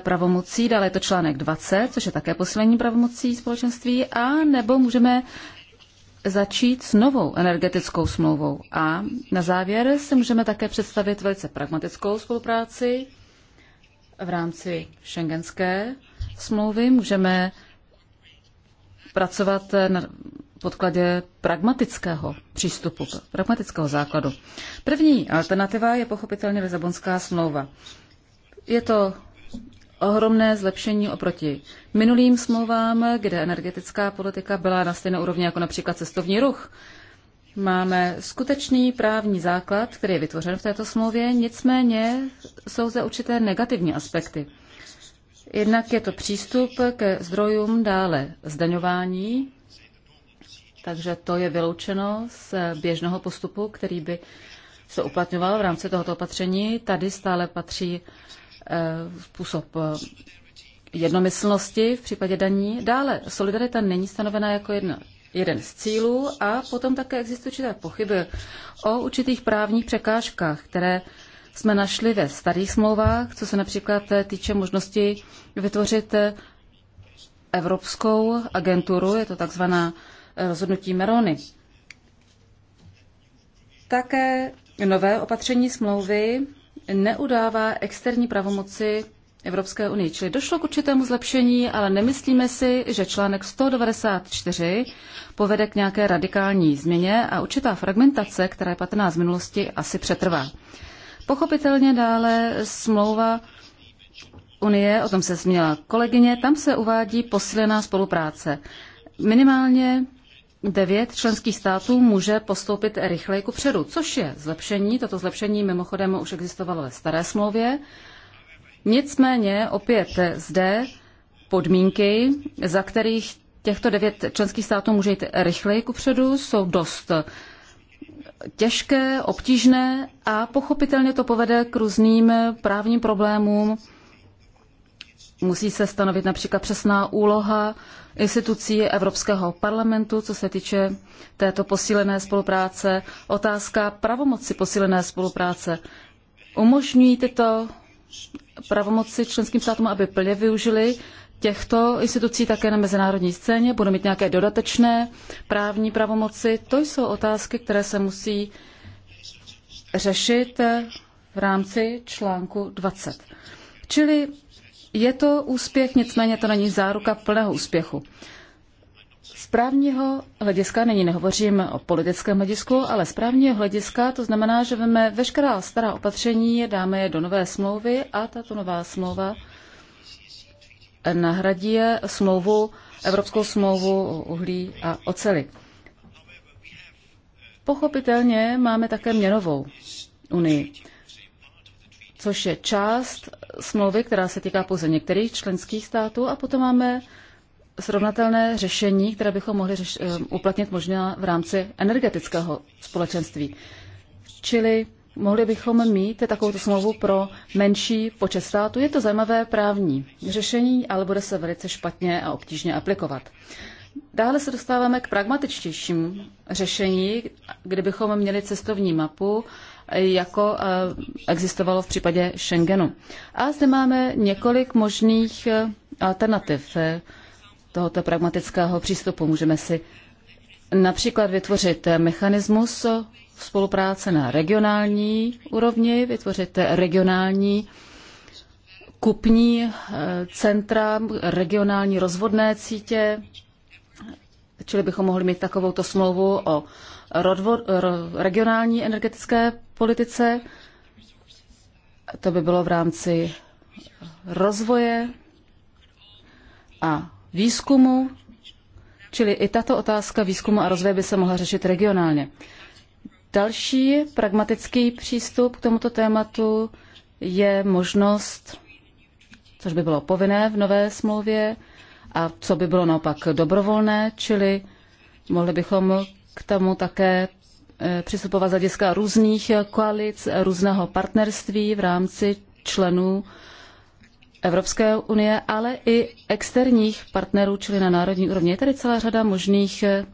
pravomocí, dále je to článek 20, což je také posílení pravomocí společenství, a nebo můžeme začít s novou energetickou smlouvou. A na závěr si můžeme také představit velice pragmatickou spolupráci v rámci šengenské smlouvy. Můžeme pracovat na podkladě pragmatického přístupu, pragmatického základu. První alternativa je pochopitelně Lisabonská smlouva. Je to ohromné zlepšení oproti minulým smlouvám, kde energetická politika byla na stejné úrovni jako například cestovní ruch. Máme skutečný právní základ, který je vytvořen v této smlouvě, nicméně jsou zde určité negativní aspekty. Jednak je to přístup ke zdrojům dále zdaňování, takže to je vyloučeno z běžného postupu, který by se uplatňoval v rámci tohoto opatření. Tady stále patří Eh, způsob eh, jednomyslnosti v případě daní. Dále solidarita není stanovená jako jedna, jeden z cílů a potom také existují určité pochyby o určitých právních překážkách, které jsme našli ve starých smlouvách, co se například eh, týče možnosti vytvořit Evropskou agenturu, je to takzvaná rozhodnutí Merony. Také nové opatření smlouvy neudává externí pravomoci Evropské unii. Čili došlo k určitému zlepšení, ale nemyslíme si, že článek 194 povede k nějaké radikální změně a určitá fragmentace, která je patrná z minulosti, asi přetrvá. Pochopitelně dále smlouva Unie, o tom se zmínila, kolegyně, tam se uvádí posílená spolupráce. Minimálně devět členských států může postoupit rychleji ku předu, což je zlepšení. Toto zlepšení mimochodem už existovalo ve staré smlouvě. Nicméně opět zde podmínky, za kterých těchto devět členských států může jít rychleji ku předu, jsou dost těžké, obtížné a pochopitelně to povede k různým právním problémům. Musí se stanovit například přesná úloha institucí Evropského parlamentu, co se týče této posílené spolupráce. Otázka pravomoci posílené spolupráce. Umožňují tyto pravomoci členským státům, aby plně využili těchto institucí také na mezinárodní scéně? Budou mít nějaké dodatečné právní pravomoci? To jsou otázky, které se musí řešit v rámci článku 20. Čili je to úspěch, nicméně to není záruka plného úspěchu. Z právního hlediska, nyní nehovořím o politickém hledisku, ale z právního hlediska to znamená, že veme veškerá stará opatření, dáme je do nové smlouvy a tato nová smlouva nahradí smlouvu, Evropskou smlouvu o uhlí a oceli. Pochopitelně máme také měnovou unii což je část smlouvy, která se týká pouze některých členských států a potom máme srovnatelné řešení, které bychom mohli řeš- eh, uplatnit možná v rámci energetického společenství. Čili mohli bychom mít takovou smlouvu pro menší počet států. Je to zajímavé právní řešení, ale bude se velice špatně a obtížně aplikovat. Dále se dostáváme k pragmatičtějším řešení, kdybychom měli cestovní mapu jako eh, existovalo v případě Schengenu. A zde máme několik možných eh, alternativ eh, tohoto pragmatického přístupu. Můžeme si například vytvořit mechanismus spolupráce na regionální úrovni, vytvořit regionální kupní centra, regionální rozvodné cítě, čili bychom mohli mít takovouto smlouvu o rodvo, regionální energetické politice. To by bylo v rámci rozvoje a výzkumu, čili i tato otázka výzkumu a rozvoje by se mohla řešit regionálně. Další pragmatický přístup k tomuto tématu je možnost, což by bylo povinné v nové smlouvě, a co by bylo naopak dobrovolné, čili mohli bychom k tomu také e, přistupovat z hlediska různých koalic, různého partnerství v rámci členů Evropské unie, ale i externích partnerů, čili na národní úrovni. Je tady celá řada možných e,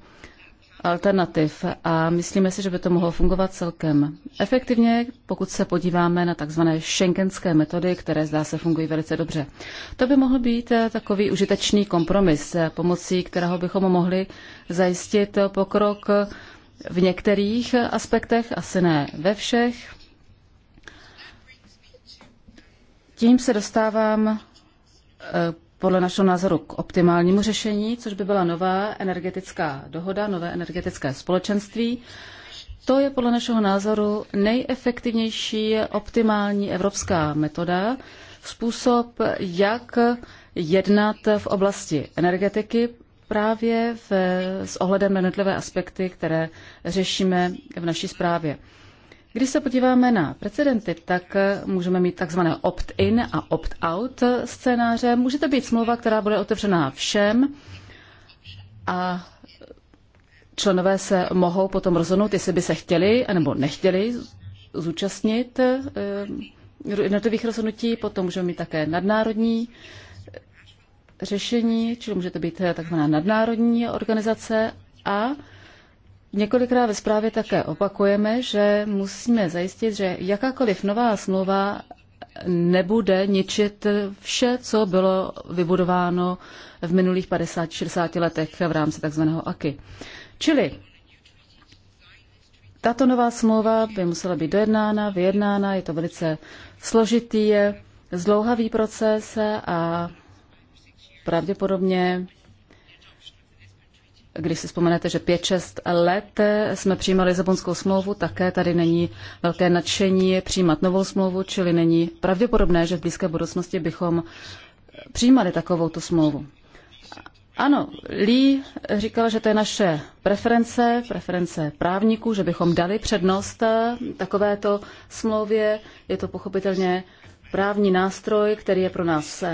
alternativ a myslíme si, že by to mohlo fungovat celkem efektivně, pokud se podíváme na tzv. šenkenské metody, které zdá se fungují velice dobře. To by mohl být eh, takový užitečný kompromis, eh, pomocí kterého bychom mohli zajistit pokrok v některých aspektech, asi ne ve všech. Tím se dostávám eh, podle našeho názoru k optimálnímu řešení, což by byla nová energetická dohoda, nové energetické společenství. To je podle našeho názoru nejefektivnější optimální evropská metoda, způsob, jak jednat v oblasti energetiky právě v, s ohledem na jednotlivé aspekty, které řešíme v naší zprávě. Když se podíváme na precedenty, tak můžeme mít takzvané opt-in a opt-out scénáře. Může to být smlouva, která bude otevřená všem a členové se mohou potom rozhodnout, jestli by se chtěli nebo nechtěli zúčastnit eh, jednotlivých rozhodnutí. Potom můžeme mít také nadnárodní řešení, čili může to být eh, takzvaná nadnárodní organizace a Několikrát ve zprávě také opakujeme, že musíme zajistit, že jakákoliv nová smlouva nebude ničit vše, co bylo vybudováno v minulých 50-60 letech v rámci tzv. AKY. Čili tato nová smlouva by musela být dojednána, vyjednána, je to velice složitý, zdlouhavý proces a pravděpodobně když si vzpomenete, že 5-6 let jsme přijímali Lisabonskou smlouvu, také tady není velké nadšení přijímat novou smlouvu, čili není pravděpodobné, že v blízké budoucnosti bychom přijímali takovou tu smlouvu. Ano, Lee říkala, že to je naše preference, preference právníků, že bychom dali přednost takovéto smlouvě. Je to pochopitelně právní nástroj, který je pro nás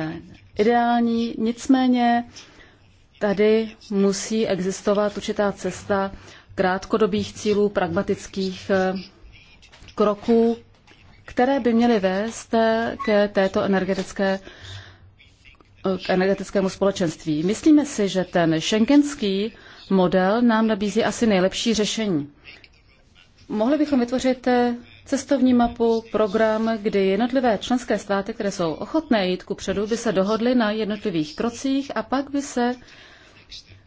ideální, nicméně Tady musí existovat určitá cesta krátkodobých cílů, pragmatických eh, kroků, které by měly vést eh, k této energetické eh, k energetickému společenství. Myslíme si, že ten šengenský model nám nabízí asi nejlepší řešení. Mohli bychom vytvořit cestovní mapu, program, kdy jednotlivé členské státy, které jsou ochotné jít ku předu, by se dohodly na jednotlivých krocích a pak by se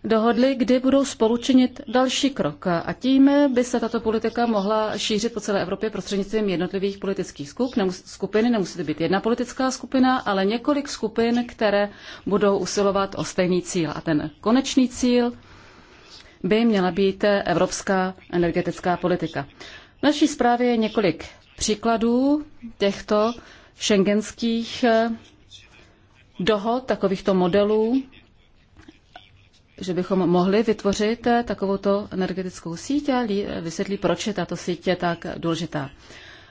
dohodli, kdy budou spolučinit další krok. A tím by se tato politika mohla šířit po celé Evropě prostřednictvím jednotlivých politických skup, nemus- skupin. Nemusí to být jedna politická skupina, ale několik skupin, které budou usilovat o stejný cíl. A ten konečný cíl by měla být evropská energetická politika. V naší zprávě je několik příkladů těchto šengenských eh, dohod, takovýchto modelů, že bychom mohli vytvořit eh, takovouto energetickou síť a eh, vysvětlí, proč je tato síť je tak důležitá.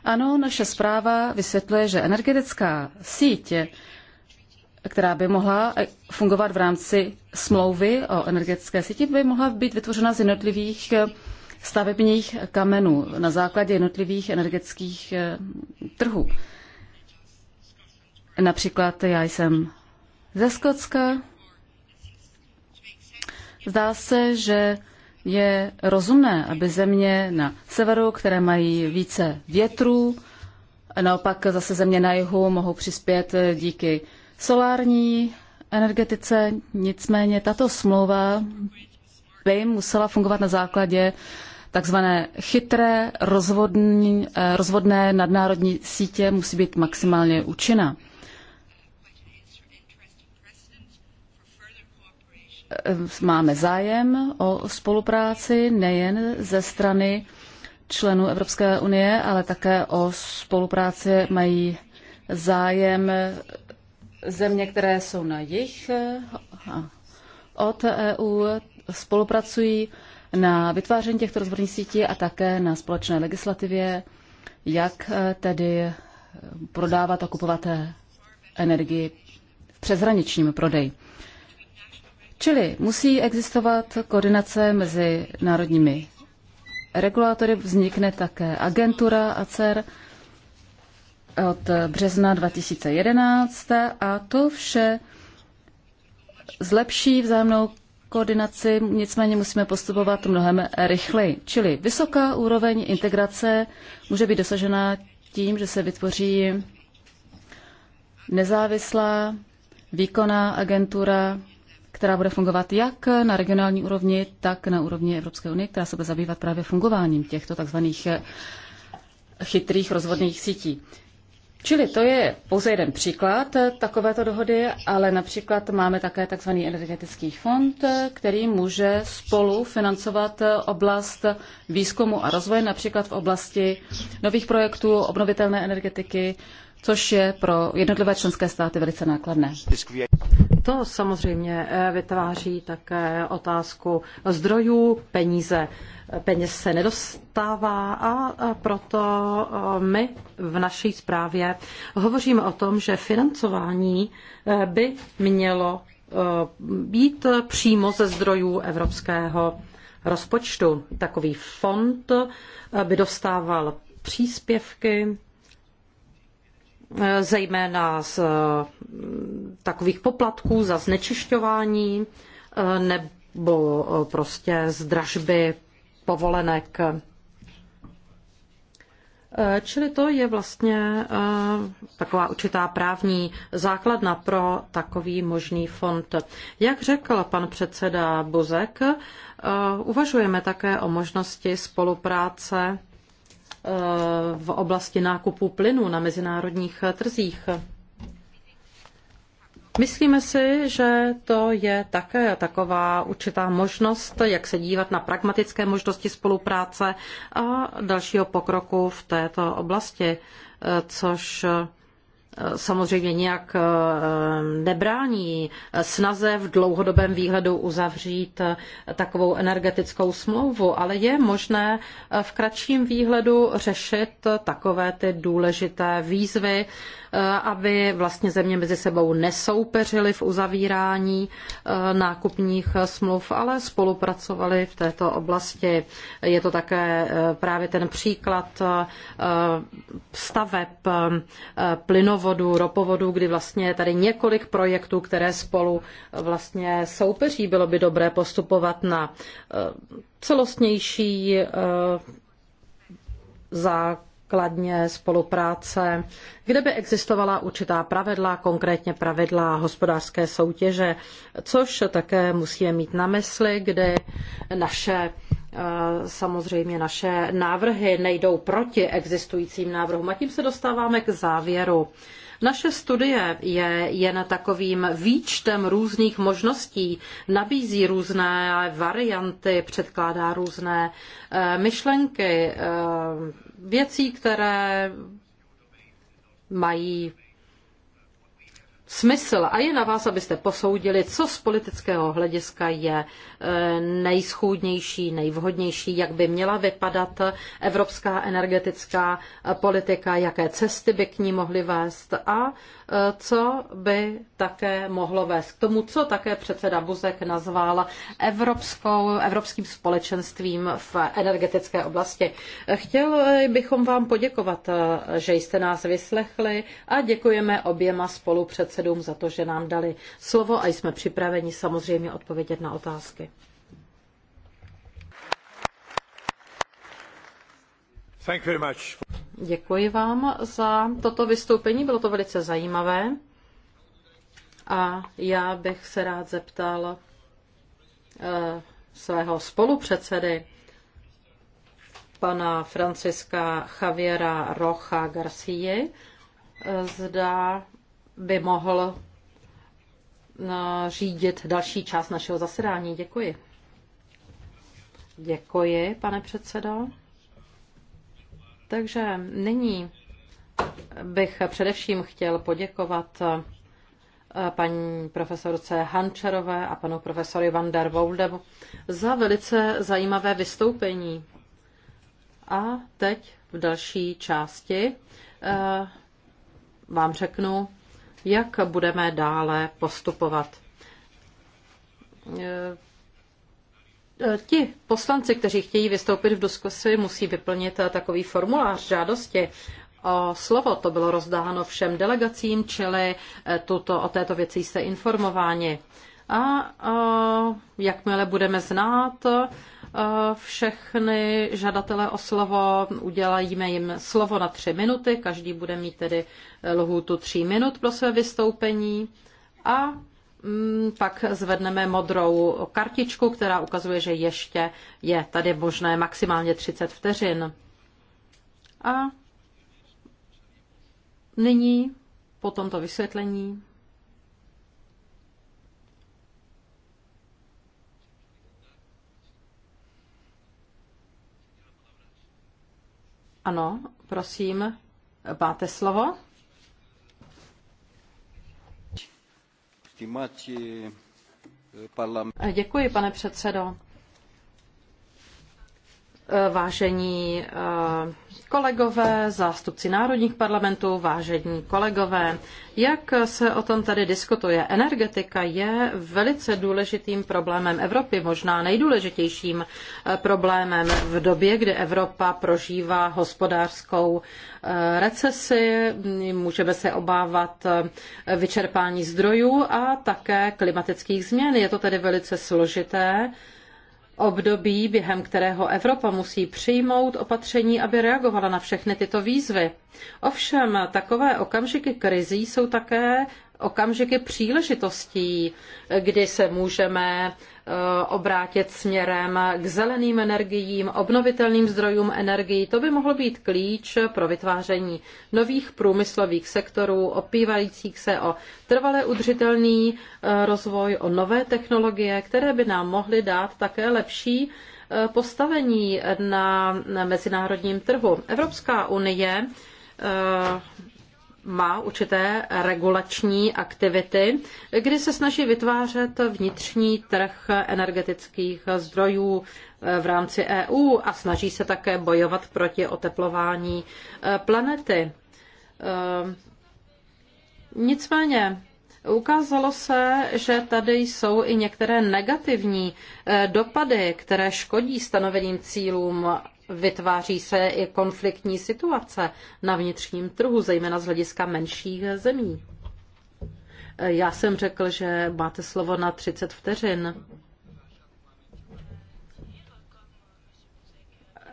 Ano, naše zpráva vysvětluje, že energetická síť, která by mohla fungovat v rámci smlouvy o energetické síti, by mohla být vytvořena z jednotlivých stavebních kamenů na základě jednotlivých energetických eh, trhů. Například já jsem ze Skotska. Zdá se, že je rozumné, aby země na severu, které mají více větrů, naopak zase země na jihu mohou přispět eh, díky solární energetice. Nicméně tato smlouva by musela fungovat na základě takzvané chytré rozvodní, eh, rozvodné nadnárodní sítě musí být maximálně účinná. Eh, máme zájem o spolupráci nejen ze strany členů Evropské unie, ale také o spolupráci mají zájem země, které jsou na jich eh, od EU, spolupracují na vytváření těchto rozvodních sítí a také na společné legislativě, jak eh, tedy prodávat a kupovat eh, energii v přeshraničním prodeji. Čili musí existovat koordinace mezi národními regulátory, vznikne také agentura ACER od března 2011 a to vše zlepší vzájemnou koordinaci, nicméně musíme postupovat mnohem rychleji. Čili vysoká úroveň integrace může být dosažena tím, že se vytvoří nezávislá výkonná agentura, která bude fungovat jak na regionální úrovni, tak na úrovni Evropské unie, která se bude zabývat právě fungováním těchto takzvaných chytrých rozvodných sítí. Čili to je pouze jeden příklad takovéto dohody, ale například máme také tzv. energetický fond, který může spolu financovat oblast výzkumu a rozvoje, například v oblasti nových projektů, obnovitelné energetiky, což je pro jednotlivé členské státy velice nákladné. To samozřejmě eh, vytváří také otázku zdrojů, peníze. Peněz se nedostává a proto eh, my v naší zprávě hovoříme o tom, že financování eh, by mělo být přímo ze zdrojů evropského rozpočtu. Takový fond by dostával příspěvky zejména z eh, takových poplatků za znečišťování eh, nebo eh, prostě z dražby povolenek. Čili to je vlastně taková určitá právní základna pro takový možný fond. Jak řekl pan předseda Buzek, uvažujeme také o možnosti spolupráce Eh, v oblasti nákupu plynu na mezinárodních trzích. Myslíme si, že to je také taková určitá možnost, jak se dívat na pragmatické možnosti spolupráce a dalšího pokroku v této oblasti, eh, což samozřejmě nějak eh, nebrání snaze v dlouhodobém výhledu uzavřít eh, takovou energetickou smlouvu, ale je možné eh, v kratším výhledu řešit takové ty důležité výzvy, Eh, aby vlastně země mezi sebou nesoupeřily v uzavírání eh, nákupních smluv, ale spolupracovali v této oblasti. Je to také eh, právě ten příklad staveb plynovodů, ropovodu, kdy vlastně tady několik projektů, které spolu vlastně soupeří, bylo by dobré postupovat na celostnější za kladně spolupráce, kde by existovala určitá pravidla, konkrétně pravidla hospodářské soutěže, což také musíme mít na mysli, kdy naše eh, samozřejmě naše návrhy nejdou proti existujícím návrhům. A tím se dostáváme k závěru. Naše studie je jen takovým výčtem různých možností, nabízí různé varianty, předkládá různé eh, myšlenky, eh, věcí, které mají smysl a je na vás, abyste posoudili, co z politického hlediska je eh, nejschůdnější, nejvhodnější, jak by měla vypadat evropská energetická eh, politika, jaké cesty by k ní mohly vést a eh, co by také mohlo vést k tomu, co také předseda Buzek nazval evropskou, evropským společenstvím v energetické oblasti. Chtěl bychom vám poděkovat, že jste nás vyslechli a děkujeme oběma spolupředsedům předsedům za to, že nám dali slovo a jsme připraveni samozřejmě odpovědět na otázky. Děkuji vám za toto vystoupení, bylo to velice zajímavé. A já bych se rád zeptal eh, svého spolupředsedy, pana Franciska Javiera Rocha Garcie, eh, zda by mohl eh, řídit další část našeho zasedání. Děkuji. Děkuji, pane předsedo. Takže nyní bych především chtěl poděkovat eh, paní profesorce Hančerové a panu profesori Van der Woldevu za velice zajímavé vystoupení. A teď v další části eh, vám řeknu jak budeme dále postupovat. E, e, ti poslanci, kteří chtějí vystoupit v diskusi, musí vyplnit e, takový formulář žádosti o slovo. To bylo rozdáno všem delegacím, čili tuto, o této věci jste informováni. A, a jakmile budeme znát, Eh, všechny žadatele o slovo, udělajíme jim slovo na tři minuty, každý bude mít tedy eh, lhůtu tří minut pro své vystoupení a mm, pak zvedneme modrou kartičku, která ukazuje, že ještě je tady možné maximálně 30 vteřin. A nyní po tomto vysvětlení Ano, prosím, máte slovo. Eh, Děkuji, pane předsedo. Eh, vážení eh, kolegové, zástupci národních parlamentů, vážení kolegové, jak se o tom tady diskutuje? Energetika je velice důležitým problémem Evropy, možná nejdůležitějším eh, problémem v době, kdy Evropa prožívá hospodářskou recesi, můžeme se obávat vyčerpání zdrojů a také klimatických změn. Je to tedy velice složité období, během kterého Evropa musí přijmout opatření, aby reagovala na všechny tyto výzvy. Ovšem, takové okamžiky krizí jsou také okamžiky příležitostí, kdy se můžeme eh, obrátit směrem k zeleným energiím, obnovitelným zdrojům energií. To by mohlo být klíč pro vytváření nových průmyslových sektorů, opívajících se o trvale udržitelný eh, rozvoj, o nové technologie, které by nám mohly dát také lepší eh, postavení na mezinárodním trhu. Evropská unie má určité regulační aktivity, kdy se snaží vytvářet vnitřní trh energetických zdrojů eh, v rámci EU a snaží se také bojovat proti oteplování eh, planety. Eh, nicméně ukázalo se, že tady jsou i některé negativní dopady, které škodí stanoveným cílům vytváří se i konfliktní situace na vnitřním trhu, zejména z hlediska menších zemí. Já jsem řekl, že máte slovo na 30 vteřin.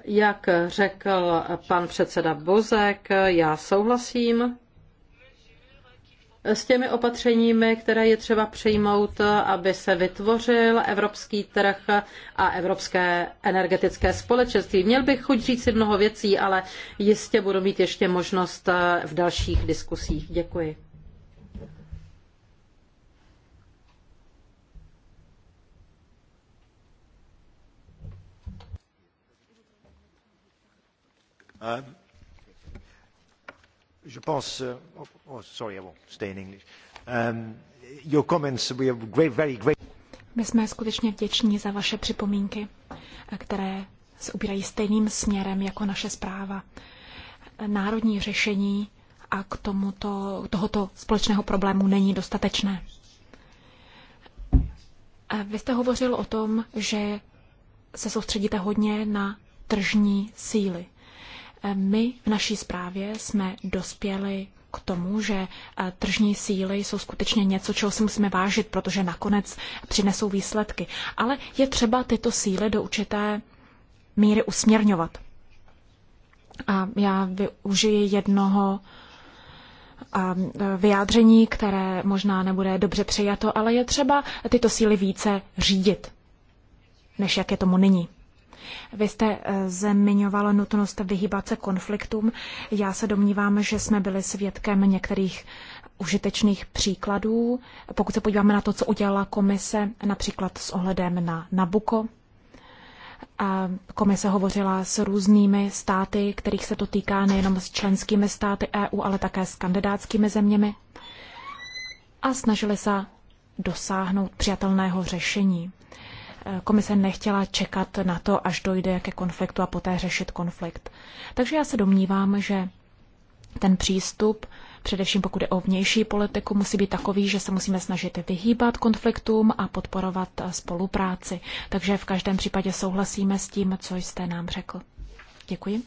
Jak řekl pan předseda Bozek, já souhlasím s těmi opatřeními, které je třeba přijmout, aby se vytvořil evropský trh a evropské energetické společenství. Měl bych chuť říci mnoho věcí, ale jistě budu mít ještě možnost v dalších diskusích. Děkuji. Um je pense, euh, oh, oh, sorry, I won't stay in English. Um, your comments, we are great, very great. My jsme skutečně vděční za vaše připomínky, které se ubírají stejným směrem jako naše zpráva. Národní řešení a k tomuto, tohoto společného problému není dostatečné. Vy jste hovořil o tom, že se soustředíte hodně na tržní síly. E, my v naší zprávě jsme dospěli k tomu, že e, tržní síly jsou skutečně něco, čeho si musíme vážit, protože nakonec přinesou výsledky. Ale je třeba tyto síly do určité míry usměrňovat. A já využiji jednoho e, vyjádření, které možná nebude dobře přijato, ale je třeba tyto síly více řídit, než jak je tomu nyní. Vy jste eh, zmiňovala nutnost vyhýbat se konfliktům. Já se domnívám, že jsme byli svědkem některých užitečných příkladů. Pokud se podíváme na to, co udělala komise, například s ohledem na Nabuko, a komise hovořila s různými státy, kterých se to týká nejenom s členskými státy EU, ale také s kandidátskými zeměmi a snažili se dosáhnout přijatelného řešení komise nechtěla čekat na to, až dojde ke konfliktu a poté řešit konflikt. Takže já se domnívám, že ten přístup, především pokud je o vnější politiku, musí být takový, že se musíme snažit vyhýbat konfliktům a podporovat eh, spolupráci. Takže v každém případě souhlasíme s tím, co jste nám řekl. Děkuji.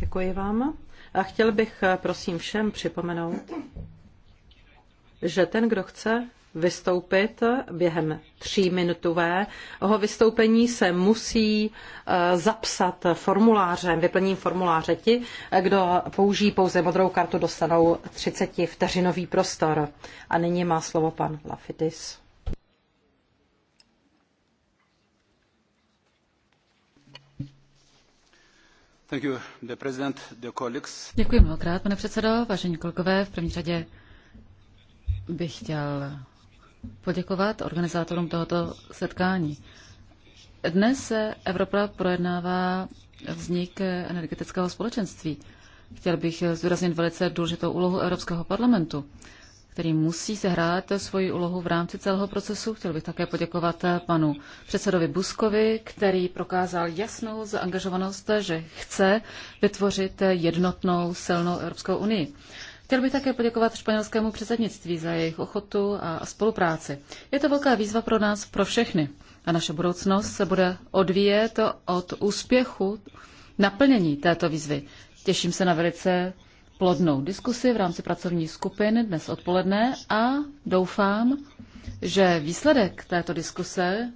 Děkuji vám. A chtěl bych eh, prosím všem připomenout, že ten, kdo chce vystoupit během tříminutového vystoupení se musí eh, zapsat formulářem, vyplním formuláře. Ti, eh, kdo použijí pouze modrou kartu, dostanou 30 vteřinový prostor. A nyní má slovo pan Lafitis. Děkuji mnohokrát, pane předsedo, vážení kolegové. V první řadě bych chtěl poděkovat organizátorům tohoto setkání. Dnes se Evropa projednává vznik energetického společenství. Chtěl bych zdůraznit velice důležitou úlohu Evropského parlamentu, který musí sehrát svoji úlohu v rámci celého procesu. Chtěl bych také poděkovat panu předsedovi Buskovi, který prokázal jasnou zaangažovanost, že chce vytvořit jednotnou silnou Evropskou unii. Chtěl bych také poděkovat španělskému předsednictví za jejich ochotu a spolupráci. Je to velká výzva pro nás, pro všechny. A naše budoucnost se bude odvíjet od úspěchu naplnění této výzvy. Těším se na velice plodnou diskusi v rámci pracovní skupin dnes odpoledne a doufám, že výsledek této diskuse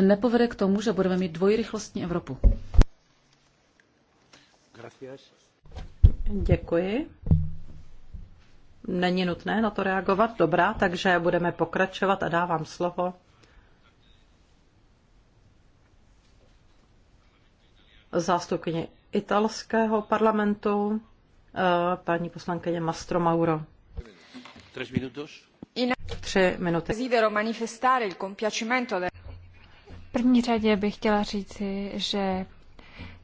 nepovede k tomu, že budeme mít dvojrychlostní Evropu. Děkuji. Není nutné na to reagovat, dobrá, takže budeme pokračovat a dávám slovo zástupkyni italského parlamentu, eh, paní poslankyně Mastro Mauro. Tři minuty. V první řadě bych chtěla říci, že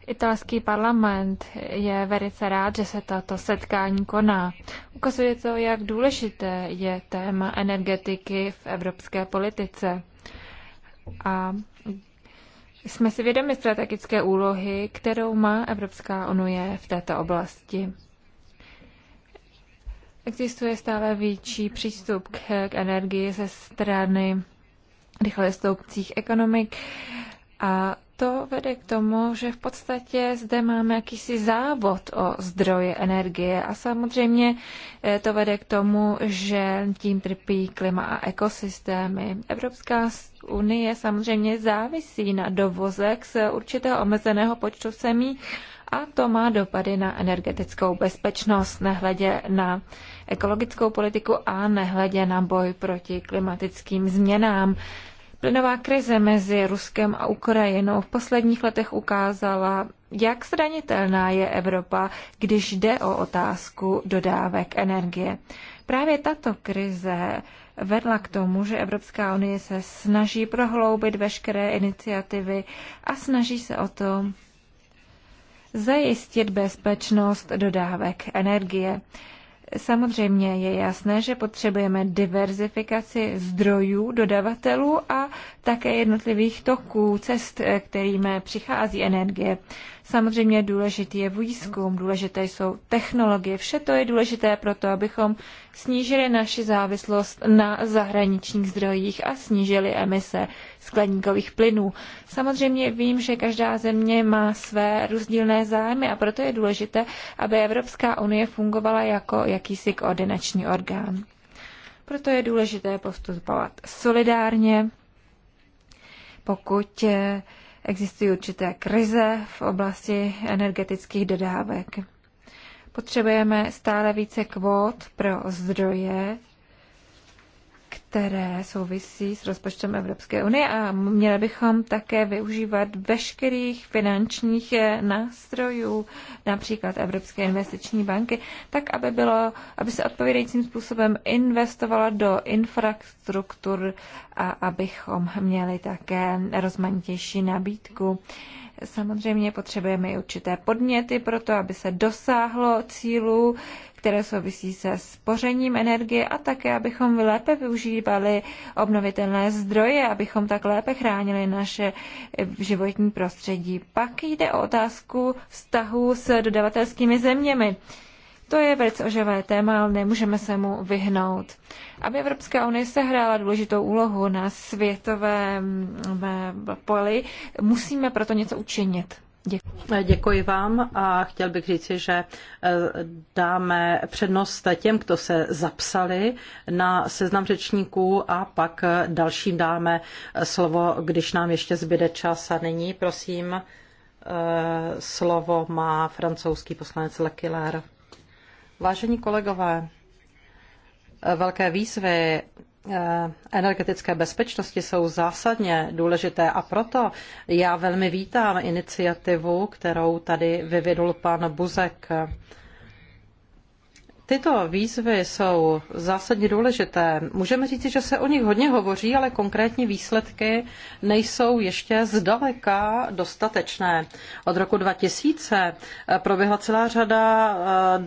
Italský parlament je velice rád, že se tato setkání koná. Ukazuje to, jak důležité je téma energetiky v evropské politice. A jsme si vědomi strategické úlohy, kterou má Evropská unie v této oblasti. Existuje stále větší přístup k, k energii ze strany rychle stoupcích ekonomik a to vede k tomu, že v podstatě zde máme jakýsi závod o zdroje energie a samozřejmě eh, to vede k tomu, že tím trpí klima a ekosystémy. Evropská unie samozřejmě závisí na dovozek z určitého omezeného počtu semí a to má dopady na energetickou bezpečnost, nehledě na ekologickou politiku a nehledě na boj proti klimatickým změnám. Plynová krize mezi Ruskem a Ukrajinou v posledních letech ukázala, jak zranitelná je Evropa, když jde o otázku dodávek energie. Právě tato krize vedla k tomu, že Evropská unie se snaží prohloubit veškeré iniciativy a snaží se o to zajistit bezpečnost dodávek energie. Samozřejmě je jasné, že potřebujeme diverzifikaci zdrojů, dodavatelů a také jednotlivých toků, cest, kterými přichází energie. Samozřejmě důležitý je výzkum, důležité jsou technologie, vše to je důležité pro to, abychom snížili naši závislost na zahraničních zdrojích a snížili emise skleníkových plynů. Samozřejmě vím, že každá země má své rozdílné zájmy a proto je důležité, aby Evropská unie fungovala jako jakýsi koordinační orgán. Proto je důležité postupovat solidárně, pokud eh, Existují určité krize v oblasti energetických dodávek. Potřebujeme stále více kvót pro zdroje, které souvisí s rozpočtem Evropské unie a měli bychom také využívat veškerých finančních eh, nástrojů, například Evropské investiční banky, tak, aby, bylo, aby se odpovědajícím způsobem investovala do infrastruktur a abychom měli také rozmanitější nabídku. Samozřejmě potřebujeme i určité podněty pro to, aby se dosáhlo cílů, které souvisí se spořením energie a také, abychom lépe využívali obnovitelné zdroje, abychom tak lépe chránili naše eh, životní prostředí. Pak jde o otázku vztahu s dodavatelskými zeměmi. To je velice oživé téma, ale nemůžeme se mu vyhnout. Aby Evropská unie sehrála důležitou úlohu na světovém eh, poli, musíme proto něco učinit. Děkuji. vám a chtěl bych říci, že eh, dáme přednost těm, kdo se zapsali na seznam řečníků a pak eh, dalším dáme eh, slovo, když nám ještě zbyde čas. A nyní, prosím, slovo má francouzský poslanec Lekiler. Vážení kolegové, velké výzvy Eh, energetické bezpečnosti jsou zásadně důležité a proto já velmi vítám iniciativu, kterou tady vyvinul pan Buzek Tyto výzvy jsou zásadně důležité. Můžeme říci, že se o nich hodně hovoří, ale konkrétní výsledky nejsou ještě zdaleka dostatečné. Od roku 2000 proběhla celá řada eh,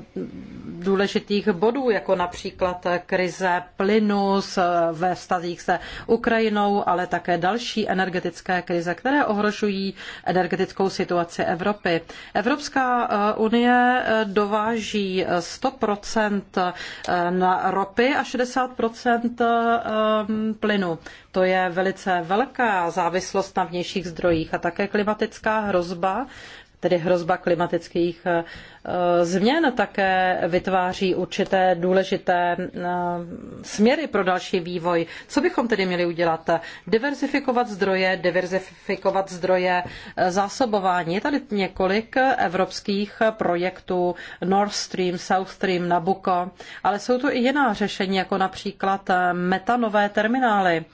důležitých bodů, jako například krize plynu eh, ve vztazích se Ukrajinou, ale také další energetické krize, které ohrožují energetickou situaci Evropy. Evropská eh, unie dováží 100 Eh, na ropy a 60 ehm, plynu. To je velice velká závislost na vnějších zdrojích a také klimatická hrozba tedy hrozba klimatických eh, změn také vytváří určité důležité eh, směry pro další vývoj. Co bychom tedy měli udělat? Diverzifikovat zdroje, diverzifikovat zdroje eh, zásobování. Je tady několik evropských projektů Nord Stream, South Stream, Nabucco, ale jsou tu i jiná řešení, jako například metanové terminály.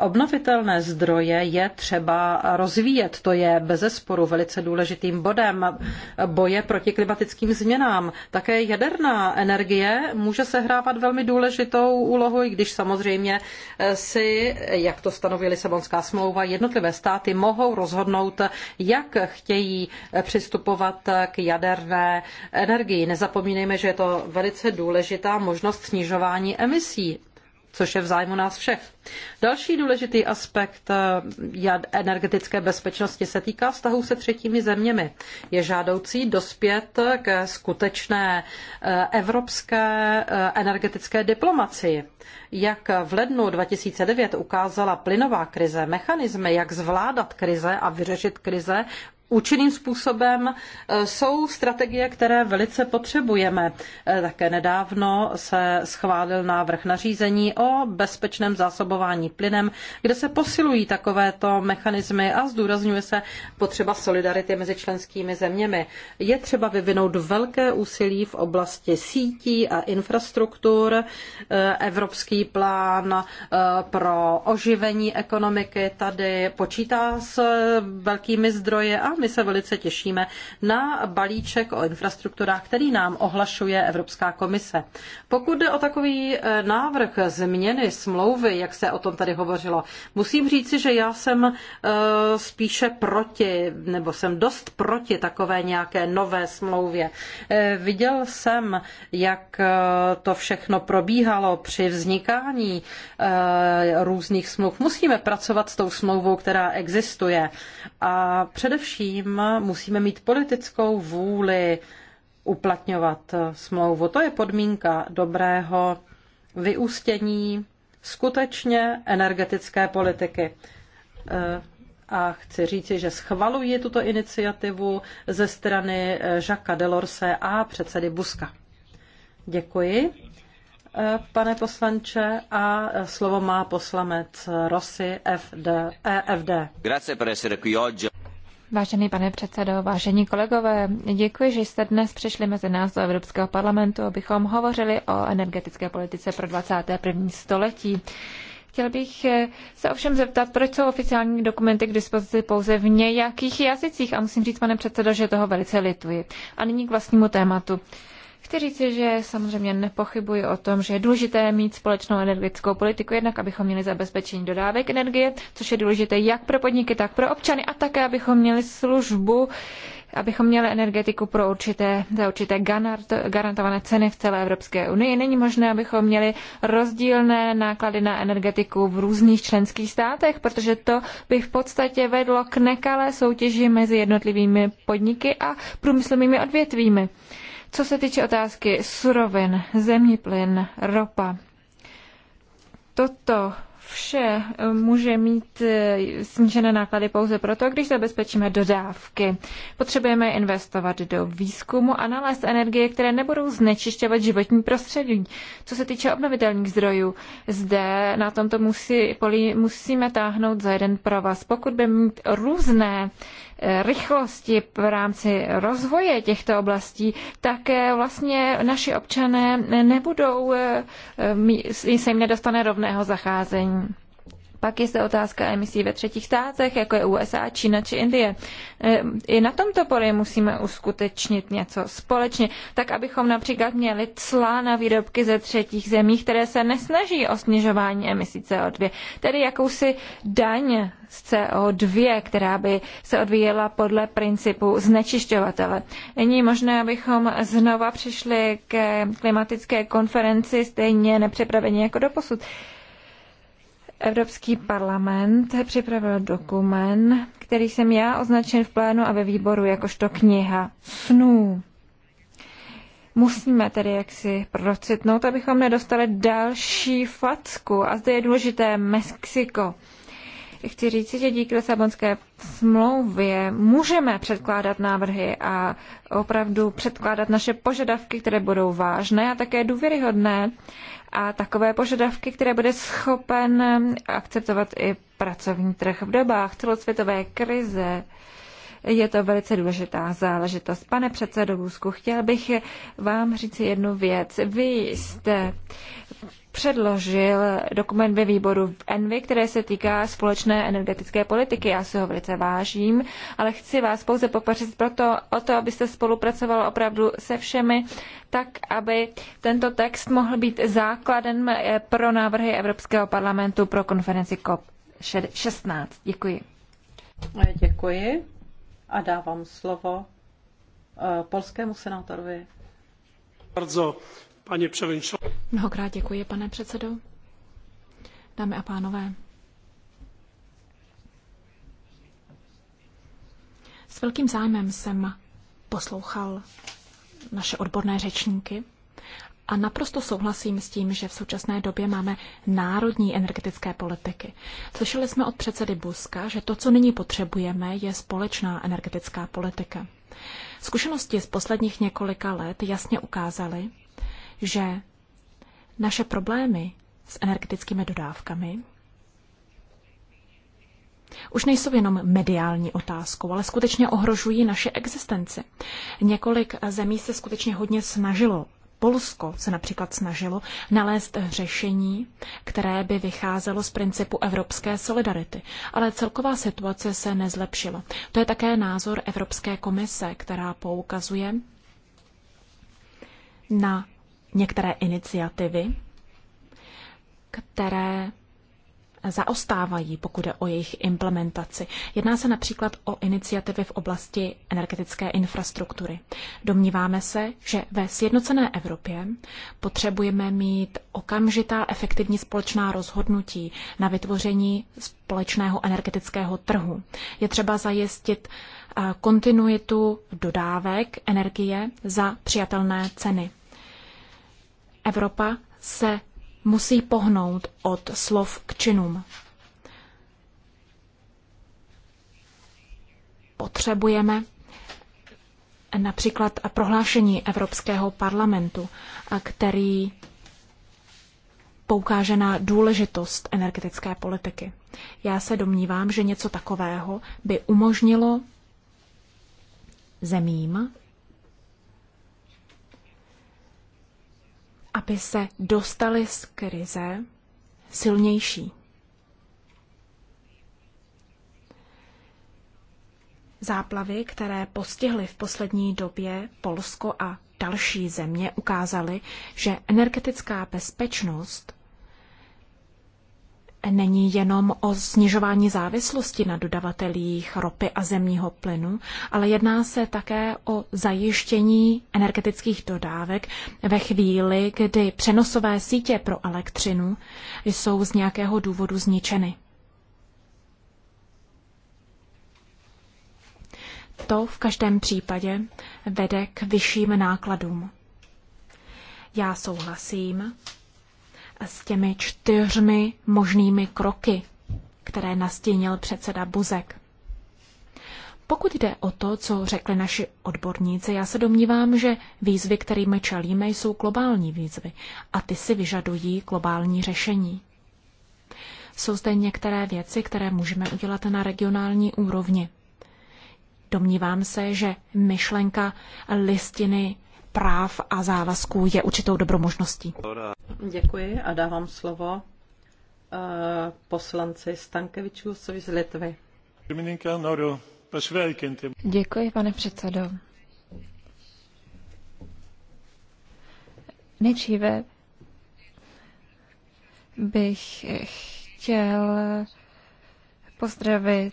Obnovitelné zdroje je třeba rozvíjet, to je bezesporu velice důležitým bodem boje proti klimatickým změnám. Také jaderná energie může sehrávat velmi důležitou úlohu, i když samozřejmě si, jak to stanoví Lisabonská smlouva, jednotlivé státy mohou rozhodnout, jak chtějí přistupovat k jaderné energii. Nezapomínejme, že je to velice důležitá možnost snižování emisí což je v zájmu nás všech. Další důležitý aspekt eh, energetické bezpečnosti se týká vztahů se třetími zeměmi. Je žádoucí dospět ke skutečné eh, evropské eh, energetické diplomacii. Jak v lednu 2009 ukázala plynová krize, mechanizmy, jak zvládat krize a vyřešit krize, účinným způsobem eh, jsou strategie, které velice potřebujeme. Eh, také nedávno se schválil návrh nařízení o bezpečném zásobování plynem, kde se posilují takovéto mechanismy a zdůrazňuje se potřeba solidarity mezi členskými zeměmi. Je třeba vyvinout velké úsilí v oblasti sítí a infrastruktur, eh, evropský plán pro oživení ekonomiky tady počítá s velkými zdroje a my se velice těšíme na balíček o infrastrukturách, který nám ohlašuje Evropská komise. Pokud jde o takový eh, návrh změny smlouvy, jak se o tom tady hovořilo, musím říci, že já jsem eh, spíše proti, nebo jsem dost proti takové nějaké nové smlouvě. Eh, viděl jsem, jak to všechno probíhalo při vznikání různých smluv. Musíme pracovat s tou smlouvou, která existuje. A především především musíme mít politickou vůli uplatňovat smlouvu. To je podmínka dobrého vyústění skutečně energetické politiky. Eh, a chci říci, že schvaluji tuto iniciativu ze strany eh, Jacques Delorse a předsedy Buska. Děkuji, eh, pane poslanče, a slovo má poslanec Rossi FD, EFD. Vážený pane předsedo, vážení kolegové, děkuji, že jste dnes přišli mezi nás do Evropského parlamentu, abychom hovořili o energetické politice pro 21. století. Chtěl bych se ovšem zeptat, proč jsou oficiální dokumenty k dispozici pouze v nějakých jazycích a musím říct, pane předsedo, že toho velice lituji. A nyní k vlastnímu tématu. Chci říct, že samozřejmě nepochybuji o tom, že je důležité mít společnou energetickou politiku, jednak abychom měli zabezpečení dodávek energie, což je důležité jak pro podniky, tak pro občany, a také abychom měli službu, abychom měli energetiku pro určité, za určité garantované ceny v celé Evropské unii. Není možné, abychom měli rozdílné náklady na energetiku v různých členských státech, protože to by v podstatě vedlo k nekalé soutěži mezi jednotlivými podniky a průmyslovými odvětvími. Co se týče otázky surovin, zemní plyn, ropa, toto vše eh, může mít eh, snížené náklady pouze proto, když zabezpečíme dodávky. Potřebujeme investovat do výzkumu a nalézt energie, které nebudou znečišťovat životní prostředí. Co se týče obnovitelných zdrojů, zde na tomto musí, musíme táhnout za jeden provaz. Pokud by mít různé rychlosti v rámci rozvoje těchto oblastí, tak eh, vlastně naši občané nebudou, eh, se jim nedostane rovného zacházení. Pak je zde otázka emisí ve třetích státech, jako je USA, Čína či Indie. E, I na tomto poli musíme uskutečnit něco společně, tak abychom například měli cla na výrobky ze třetích zemí, které se nesnaží o snižování emisí CO2, tedy jakousi daň z CO2, která by se odvíjela podle principu znečišťovatele. Není možné, abychom znova přišli ke klimatické konferenci stejně nepřipraveni jako doposud. posud Evropský parlament připravil dokument, který jsem já označen v plénu a ve výboru jakožto kniha snů. Musíme tedy jaksi procitnout, abychom nedostali další facku. A zde je důležité Mexiko chci říct, že díky Lisabonské smlouvě můžeme předkládat návrhy a opravdu předkládat naše požadavky, které budou vážné a také důvěryhodné a takové požadavky, které bude schopen akceptovat i pracovní trh v dobách celosvětové krize. Je to velice důležitá záležitost. Pane předsedo Vůzku, chtěl bych vám říct jednu věc. Vy jste předložil dokument ve výboru v Envy, které se týká společné energetické politiky. Já si ho velice vážím, ale chci vás pouze poprosit proto, o to, abyste spolupracoval opravdu se všemi, tak aby tento text mohl být základem eh, pro návrhy Evropského parlamentu pro konferenci COP16. Děkuji. Eh, děkuji a dávám slovo eh, polskému senátorovi. Bardzo paní předsedající. Mnohokrát děkuji, pane předsedo. Dámy a pánové, s velkým zájmem jsem poslouchal naše odborné řečníky a naprosto souhlasím s tím, že v současné době máme národní energetické politiky. Slyšeli jsme od předsedy Buska, že to, co nyní potřebujeme, je společná energetická politika. Zkušenosti z posledních několika let jasně ukázaly, že naše problémy s energetickými dodávkami už nejsou jenom mediální otázkou, ale skutečně ohrožují naše existenci. Několik zemí se skutečně hodně snažilo. Polsko se například snažilo nalézt řešení, které by vycházelo z principu evropské solidarity, ale celková situace se nezlepšila. To je také názor Evropské komise, která poukazuje na některé iniciativy, které zaostávají, pokud je o jejich implementaci. Jedná se například o iniciativy v oblasti energetické infrastruktury. Domníváme se, že ve sjednocené Evropě potřebujeme mít okamžitá efektivní společná rozhodnutí na vytvoření společného energetického trhu. Je třeba zajistit eh, kontinuitu dodávek energie za přijatelné ceny. Evropa se musí pohnout od slov k činům. Potřebujeme například prohlášení Evropského parlamentu, který poukáže na důležitost energetické politiky. Já se domnívám, že něco takového by umožnilo zemím aby se dostali z krize silnější. Záplavy, které postihly v poslední době Polsko a další země, ukázaly, že energetická bezpečnost není jenom o snižování závislosti na dodavatelích ropy a zemního plynu, ale jedná se také o zajištění energetických dodávek ve chvíli, kdy přenosové sítě pro elektřinu jsou z nějakého důvodu zničeny. To v každém případě vede k vyšším nákladům. Já souhlasím s těmi čtyřmi možnými kroky, které nastínil předseda Buzek. Pokud jde o to, co řekli naši odborníci, já se domnívám, že výzvy, kterými čelíme, jsou globální výzvy a ty si vyžadují globální řešení. Jsou zde některé věci, které můžeme udělat na regionální úrovni. Domnívám se, že myšlenka listiny práv a závazků je určitou dobrou možností. Děkuji a dávám slovo eh, poslanci Stankevičů z Litvy. Děkuji, pane předsedo. Nejdříve bych chtěl pozdravit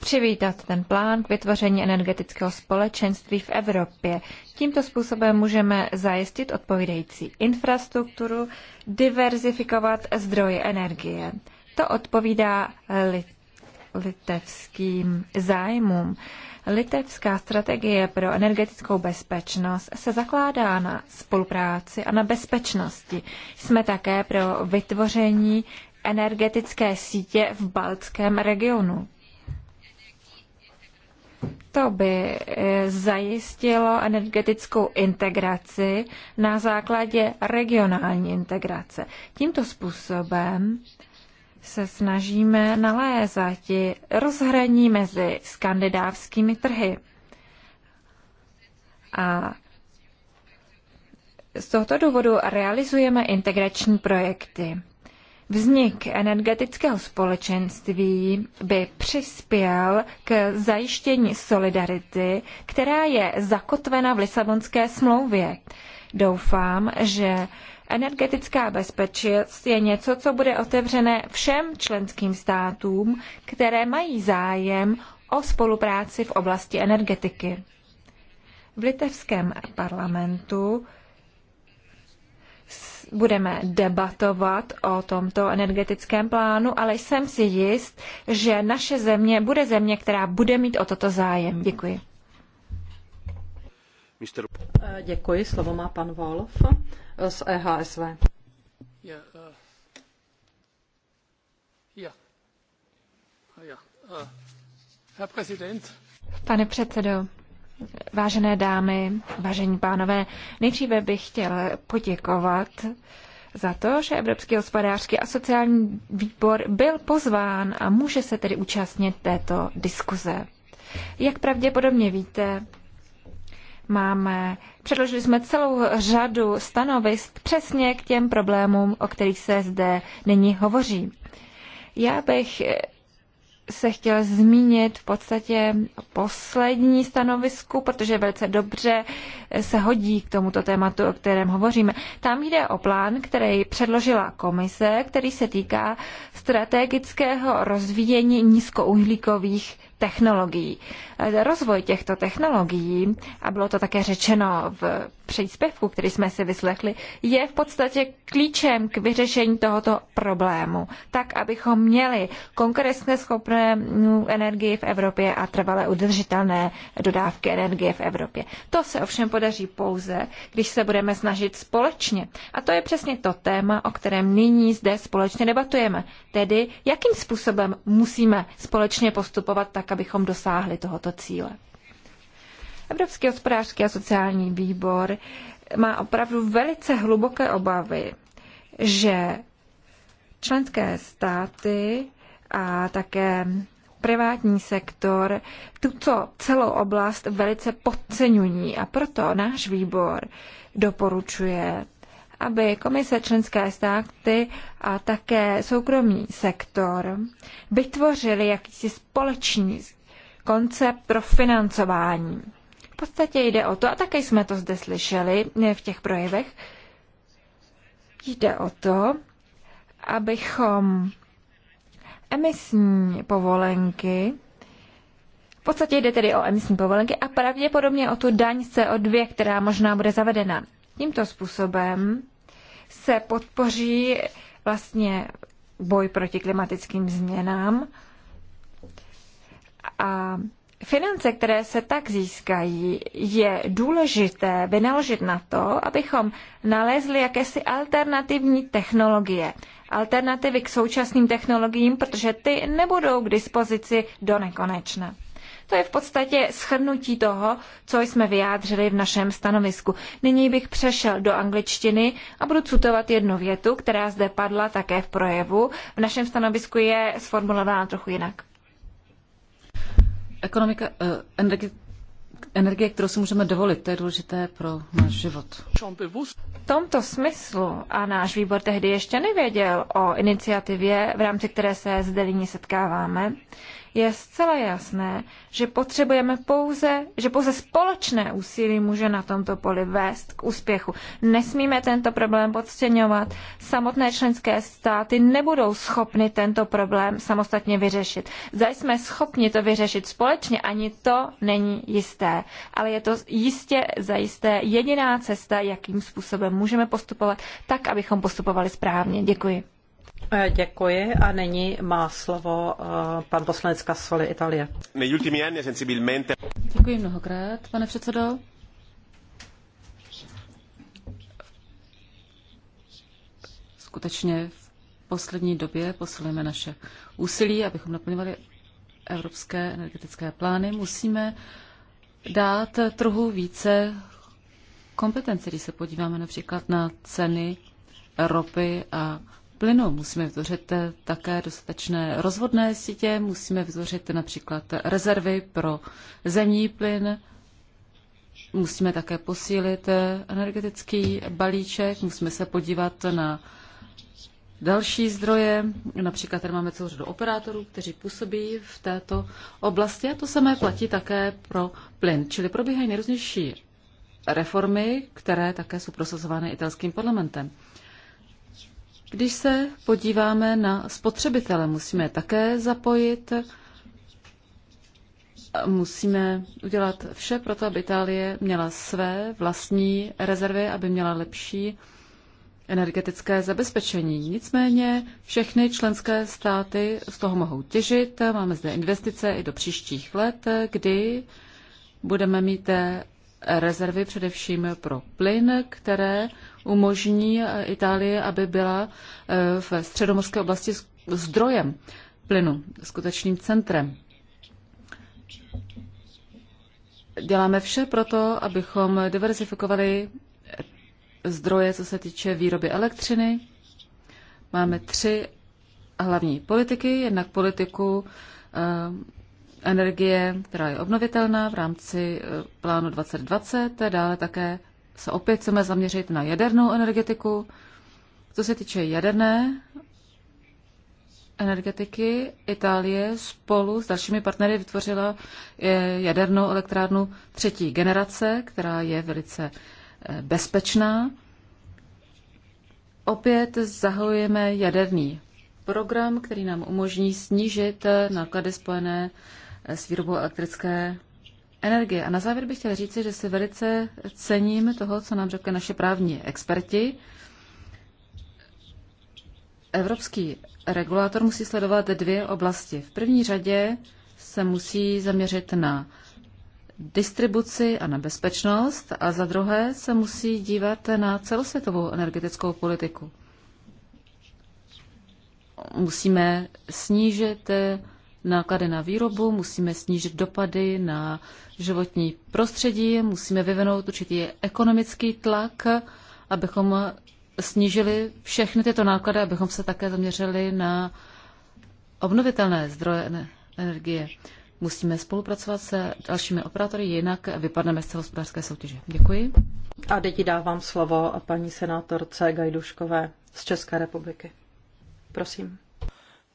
přivítat ten plán k vytvoření energetického společenství v Evropě. Tímto způsobem můžeme zajistit odpovídající infrastrukturu, diverzifikovat zdroje energie. To odpovídá lit litevským zájmům. Litevská strategie pro energetickou bezpečnost se zakládá na spolupráci a na bezpečnosti. Jsme také pro vytvoření energetické sítě v baltském regionu. To by eh, zajistilo energetickou integraci na základě regionální integrace. Tímto způsobem se snažíme nalézat rozhraní mezi skandinávskými trhy. A z tohoto důvodu realizujeme integrační projekty. Vznik energetického společenství by přispěl k zajištění solidarity, která je zakotvena v Lisabonské smlouvě. Doufám, že energetická bezpečnost je něco, co bude otevřené všem členským státům, které mají zájem o spolupráci v oblasti energetiky. V litevském parlamentu budeme debatovat o tomto energetickém plánu, ale jsem si jist, že naše země bude země, která bude mít o toto zájem. Děkuji. Eh, děkuji, slovo má pan Wolf eh, z EHSV. yeah. Uh, Pane předsedo, Vážené dámy, vážení pánové, nejdříve bych chtěla poděkovat za to, že Evropský hospodářský a sociální výbor byl pozván a může se tedy účastnit této diskuze. Jak pravděpodobně víte, máme, předložili jsme celou řadu stanovisk přesně k těm problémům, o kterých se zde nyní hovoří. Já bych se chtěl zmínit v podstatě poslední stanovisku, protože velice dobře se hodí k tomuto tématu, o kterém hovoříme. Tam jde o plán, který předložila komise, který se týká strategického rozvíjení nízkouhlíkových technologií. Rozvoj těchto technologií, a bylo to také řečeno v příspěvku, který jsme si vyslechli, je v podstatě klíčem k vyřešení tohoto problému, tak abychom měli konkurenceschopné schopné energii v Evropě a trvale udržitelné dodávky energie v Evropě. To se ovšem podaří pouze, když se budeme snažit společně. A to je přesně to téma, o kterém nyní zde společně debatujeme. Tedy, jakým způsobem musíme společně postupovat tak, abychom dosáhli tohoto cíle. Evropský hospodářský a sociální výbor má opravdu velice hluboké obavy, že členské státy a také privátní sektor tuto celou oblast velice podceňují a proto náš výbor doporučuje, aby komise členské státy a také soukromý sektor vytvořili jakýsi společný koncept pro financování podstatě jde o to, a také jsme to zde slyšeli v těch projevech, jde o to, abychom emisní povolenky v podstatě jde tedy o emisní povolenky a pravděpodobně o tu daň CO2, která možná bude zavedena. Tímto způsobem se podpoří vlastně boj proti klimatickým změnám a Finance, které se tak získají, je důležité vynaložit na to, abychom nalezli jakési alternativní technologie. Alternativy k současným technologiím, protože ty nebudou k dispozici do nekonečna. To je v podstatě shrnutí toho, co jsme vyjádřili v našem stanovisku. Nyní bych přešel do angličtiny a budu citovat jednu větu, která zde padla také v projevu. V našem stanovisku je sformulována trochu jinak. Ekonomika, eh, energie, energie, kterou si můžeme dovolit, to je důležité pro náš život. V tomto smyslu a náš výbor tehdy ještě nevěděl o iniciativě, v rámci které se zde nyní setkáváme, je zcela jasné, že potřebujeme pouze, že pouze společné úsilí může na tomto poli vést k úspěchu. Nesmíme tento problém podceňovat. Samotné členské státy nebudou schopny tento problém samostatně vyřešit. Zda jsme schopni to vyřešit společně, ani to není jisté. Ale je to jistě zajisté jediná cesta, jakým způsobem můžeme postupovat, tak, abychom postupovali správně. Děkuji. Eh, děkuji a nyní má slovo eh, pan poslanec Kasoli Italie. Děkuji mnohokrát, pane předsedo. Skutečně v poslední době posilujeme naše úsilí, abychom naplňovali evropské energetické plány. Musíme dát trochu více kompetencí, když se podíváme například na ceny ropy a plynu. Musíme vytvořit eh, také dostatečné rozvodné sítě, musíme vytvořit například rezervy pro zemní plyn, musíme také posílit eh, energetický balíček, musíme se podívat na další zdroje. Například tady máme celou řadu operátorů, kteří působí v této oblasti a to samé platí také pro plyn. Čili probíhají nejrůznější reformy, které také jsou prosazovány italským parlamentem. Když se podíváme na spotřebitele, musíme také zapojit. Musíme udělat vše pro to, aby Itálie měla své vlastní rezervy, aby měla lepší energetické zabezpečení. Nicméně všechny členské státy z toho mohou těžit. Máme zde investice i do příštích let, kdy budeme mít rezervy především pro plyn, které umožní Itálii, aby byla eh, v středomorské oblasti zdrojem plynu, skutečným centrem. Děláme vše proto, abychom diverzifikovali zdroje, co se týče výroby elektřiny. Máme tři hlavní politiky. Jednak politiku eh, energie, která je obnovitelná v rámci eh, plánu 2020. Dále také se opět chceme zaměřit na jadernou energetiku. Co se týče jaderné energetiky, Itálie spolu s dalšími partnery vytvořila eh, jadernou elektrárnu třetí generace, která je velice eh, bezpečná. Opět zahalujeme jaderný program, který nám umožní snížit náklady spojené s výrobou elektrické energie. A na závěr bych chtěla říci, že si velice cením toho, co nám řekli naše právní experti. Evropský regulátor musí sledovat dvě oblasti. V první řadě se musí zaměřit na distribuci a na bezpečnost a za druhé se musí dívat na celosvětovou energetickou politiku. Musíme snížit náklady na výrobu, musíme snížit dopady na životní prostředí, musíme vyvinout určitý ekonomický tlak, abychom snížili všechny tyto náklady, abychom se také zaměřili na obnovitelné zdroje energie. Musíme spolupracovat se dalšími operátory, jinak vypadneme z celé hospodářské soutěže. Děkuji. A teď dávám slovo paní senátorce Gajduškové z České republiky. Prosím.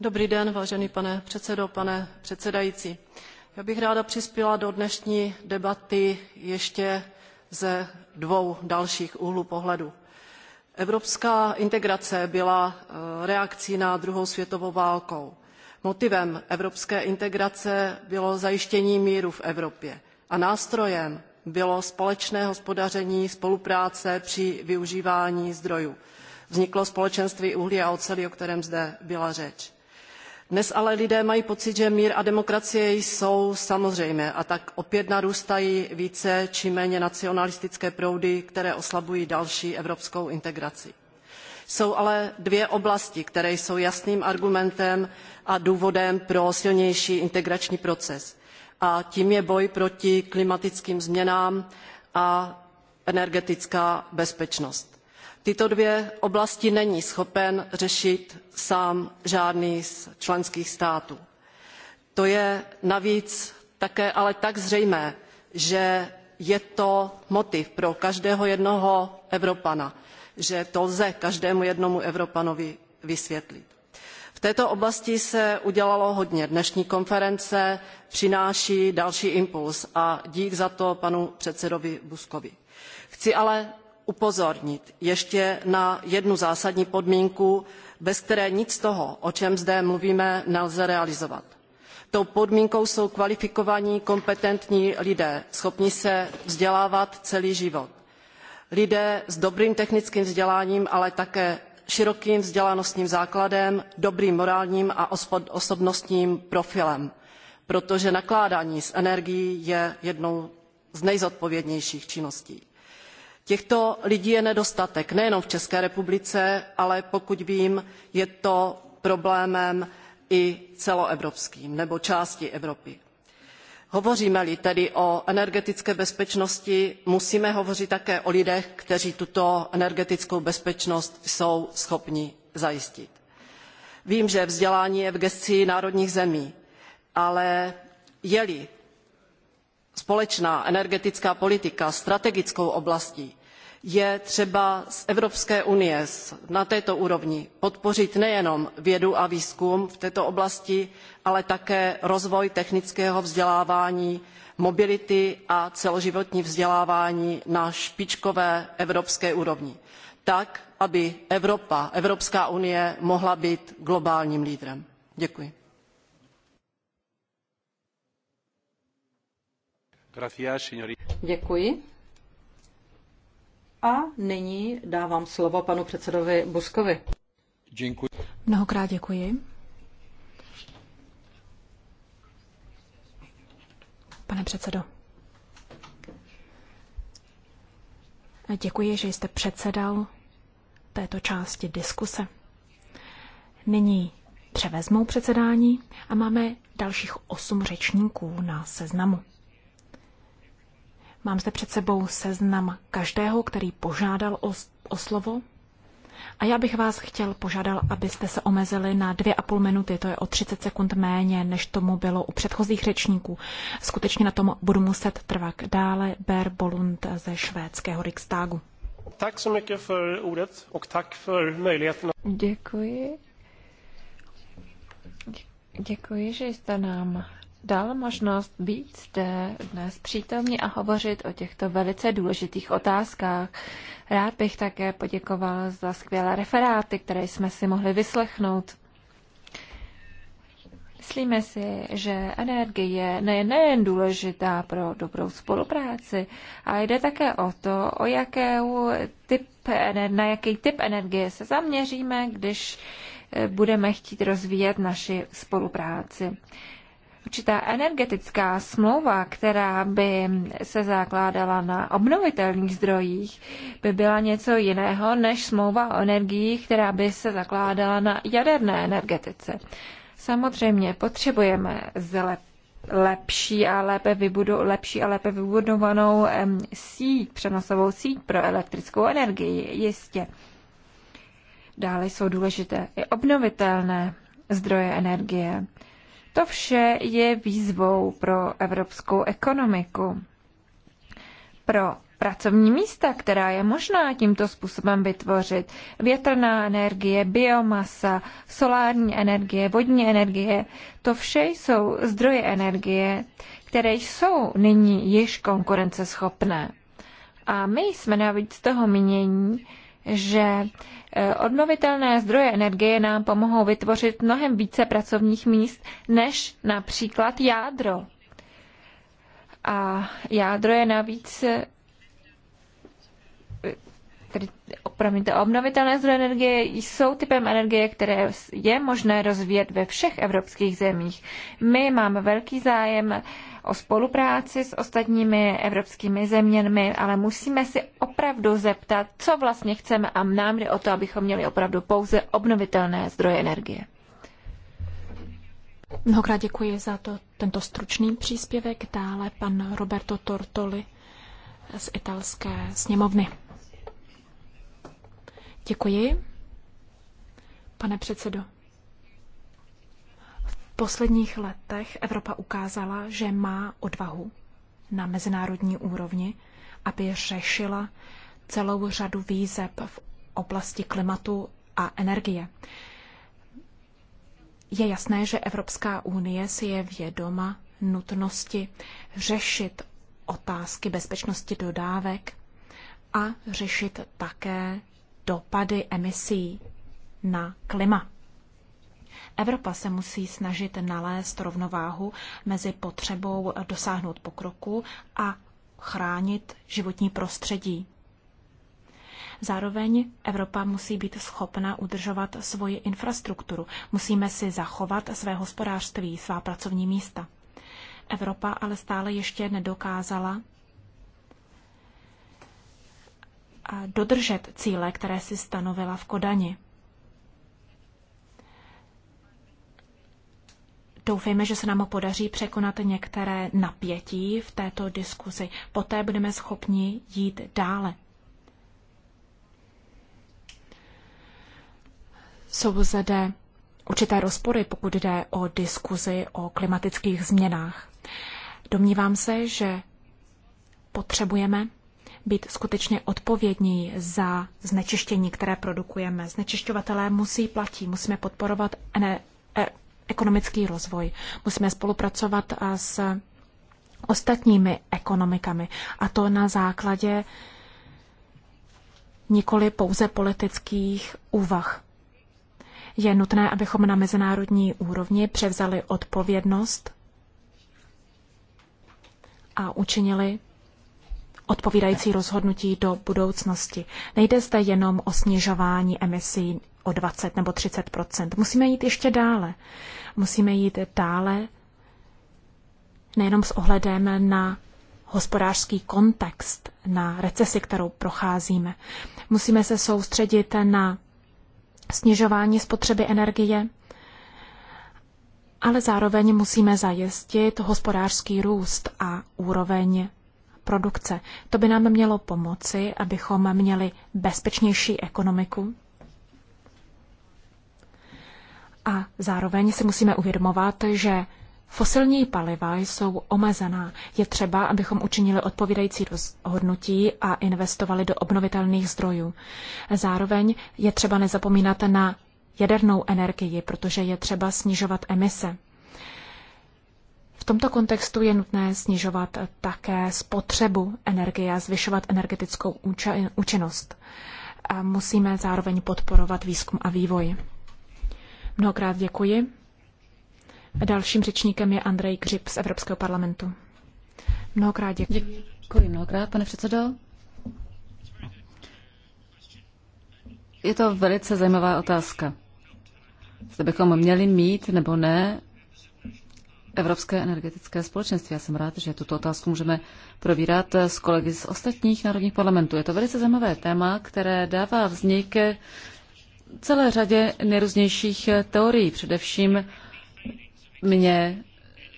Dobrý den, vážený pane předsedo, pane předsedající. Já bych ráda přispěla do dnešní debaty ještě ze dvou dalších úhlů pohledu. Evropská integrace byla eh, reakcí na druhou světovou válkou. Motivem evropské integrace bylo zajištění míru v Evropě a nástrojem bylo společné hospodaření, spolupráce při využívání zdrojů. Vzniklo společenství uhlí a oceli, o kterém zde byla řeč. Dnes ale lidé mají pocit, že mír a demokracie jsou samozřejmé a tak opět narůstají více či méně nacionalistické proudy, které oslabují další evropskou integraci. Jsou ale dvě oblasti, které jsou jasným argumentem a důvodem pro silnější integrační proces. A tím je boj proti klimatickým změnám a energetická bezpečnost tyto dvě oblasti není schopen řešit sám žádný z členských států. to je navíc také ale tak zřejmé že je to motiv pro každého jednoho evropana že to lze každému jednomu evropanovi vysvětlit. v této oblasti se udělalo hodně dnešní konference přináší další impuls a dík za to panu předsedovi buzkovi. chci ale upozornit ještě na jednu zásadní podmínku bez které nic z toho o čem zde mluvíme nelze realizovat. tou podmínkou jsou kvalifikovaní kompetentní lidé schopní se vzdělávat celý život lidé s dobrým technickým vzděláním ale také širokým vzdělanostním základem dobrým morálním a osobnostním profilem protože nakládání s energií je jednou z nejzodpovědnějších činností Těchto lidí je nedostatek nejenom v České republice, ale pokud vím, je to problémem i celoevropským nebo části Evropy. Hovoříme-li tedy o energetické bezpečnosti, musíme hovořit také o lidech, kteří tuto energetickou bezpečnost jsou schopni zajistit. Vím, že vzdělání je v gesci národních zemí, ale je-li společná energetická politika strategickou oblastí, je třeba z Evropské unie na této úrovni podpořit nejenom vědu a výzkum v této oblasti, ale také rozvoj technického vzdělávání, mobility a celoživotní vzdělávání na špičkové evropské úrovni, tak, aby Evropa, Evropská unie mohla být globálním lídrem. Děkuji. Děkuji. A nyní dávám slovo panu předsedovi Buskovi. Děkuji. Mnohokrát děkuji. Pane předsedo. Děkuji, že jste předsedal této části diskuse. Nyní převezmou předsedání a máme dalších osm řečníků na seznamu. Mám zde před sebou seznam každého, který požádal o, o slovo. A já bych vás chtěl požádal, abyste se omezili na dvě a půl minuty, to je o 30 sekund méně, než tomu bylo u předchozích řečníků. Skutečně na tom budu muset trvat. Dále Ber Bolund ze švédského Riksdagu. Tak mycket för ordet och tack för möjligheten. Děkuji. Děkuji, že jste nám dal možnost být zde dnes přítomní a hovořit o těchto velice důležitých otázkách. Rád bych také poděkoval za skvělé referáty, které jsme si mohli vyslechnout. Myslíme si, že energie je nejen důležitá pro dobrou spolupráci, ale jde také o to, o jakou typ, na jaký typ energie se zaměříme, když eh, budeme chtít rozvíjet naši spolupráci určitá energetická smlouva, která by se zakládala na obnovitelných zdrojích, by byla něco jiného než smlouva o energii, která by se zakládala na jaderné energetice. Samozřejmě potřebujeme zlep lepší a lépe, vybudu, lepší a lépe vybudovanou síť, přenosovou síť pro elektrickou energii, jistě. Dále jsou důležité i obnovitelné zdroje energie. To vše je výzvou pro evropskou ekonomiku. Pro pracovní místa, která je možná tímto způsobem vytvořit. Větrná energie, biomasa, solární energie, vodní energie, to vše jsou zdroje energie, které jsou nyní již konkurenceschopné. A my jsme navíc toho mínění, že e, odnovitelné zdroje energie nám pomohou vytvořit mnohem více pracovních míst než například jádro. A jádro je navíc e, tedy opravdu obnovitelné zdroje energie jsou typem energie, které je možné rozvíjet ve všech evropských zemích. My máme velký zájem o spolupráci s ostatními evropskými zeměmi, ale musíme si opravdu zeptat, co vlastně chceme a nám jde o to, abychom měli opravdu pouze obnovitelné zdroje energie. Mnohokrát děkuji za to, tento stručný příspěvek. Dále pan Roberto Tortoli z italské sněmovny. Děkuji, pane předsedo posledních letech Evropa ukázala, že má odvahu na mezinárodní úrovni, aby řešila celou řadu výzeb v oblasti klimatu a energie. Je jasné, že Evropská unie si je vědoma nutnosti řešit otázky bezpečnosti dodávek a řešit také dopady emisí na klima. Evropa se musí snažit nalézt rovnováhu mezi potřebou dosáhnout pokroku a chránit životní prostředí. Zároveň Evropa musí být schopna udržovat svoji infrastrukturu. Musíme si zachovat své hospodářství, svá pracovní místa. Evropa ale stále ještě nedokázala dodržet cíle, které si stanovila v Kodani. Doufejme, že se nám podaří překonat některé napětí v této diskuzi. Poté budeme schopni jít dále. Jsou zde určité rozpory, pokud jde o diskuzi o klimatických změnách. Domnívám se, že potřebujeme být skutečně odpovědní za znečištění, které produkujeme. Znečišťovatelé musí platit, musíme podporovat e- ekonomický rozvoj. Musíme spolupracovat s ostatními ekonomikami a to na základě nikoli pouze politických úvah. Je nutné, abychom na mezinárodní úrovni převzali odpovědnost a učinili odpovídající rozhodnutí do budoucnosti. Nejde zde jenom o snižování emisí o 20 nebo 30 Musíme jít ještě dále. Musíme jít dále nejenom s ohledem na hospodářský kontext, na recesi, kterou procházíme. Musíme se soustředit na snižování spotřeby energie, ale zároveň musíme zajistit hospodářský růst a úroveň produkce. To by nám mělo pomoci, abychom měli bezpečnější ekonomiku a zároveň si musíme uvědomovat, že fosilní paliva jsou omezená. Je třeba, abychom učinili odpovídající rozhodnutí a investovali do obnovitelných zdrojů. Zároveň je třeba nezapomínat na jadernou energii, protože je třeba snižovat emise. V tomto kontextu je nutné snižovat také spotřebu energie a zvyšovat energetickou účinnost. A musíme zároveň podporovat výzkum a vývoj. Mnohokrát děkuji. Dalším řečníkem je Andrej Křip z Evropského parlamentu. Mnohokrát děkuji. Děkuji mnohokrát, pane předsedo. Je to velice zajímavá otázka. Zda bychom měli mít nebo ne Evropské energetické společenství. Já jsem rád, že tuto otázku můžeme probírat s kolegy z ostatních národních parlamentů. Je to velice zajímavé téma, které dává vznik celé řadě nejrůznějších eh, teorií. Především mě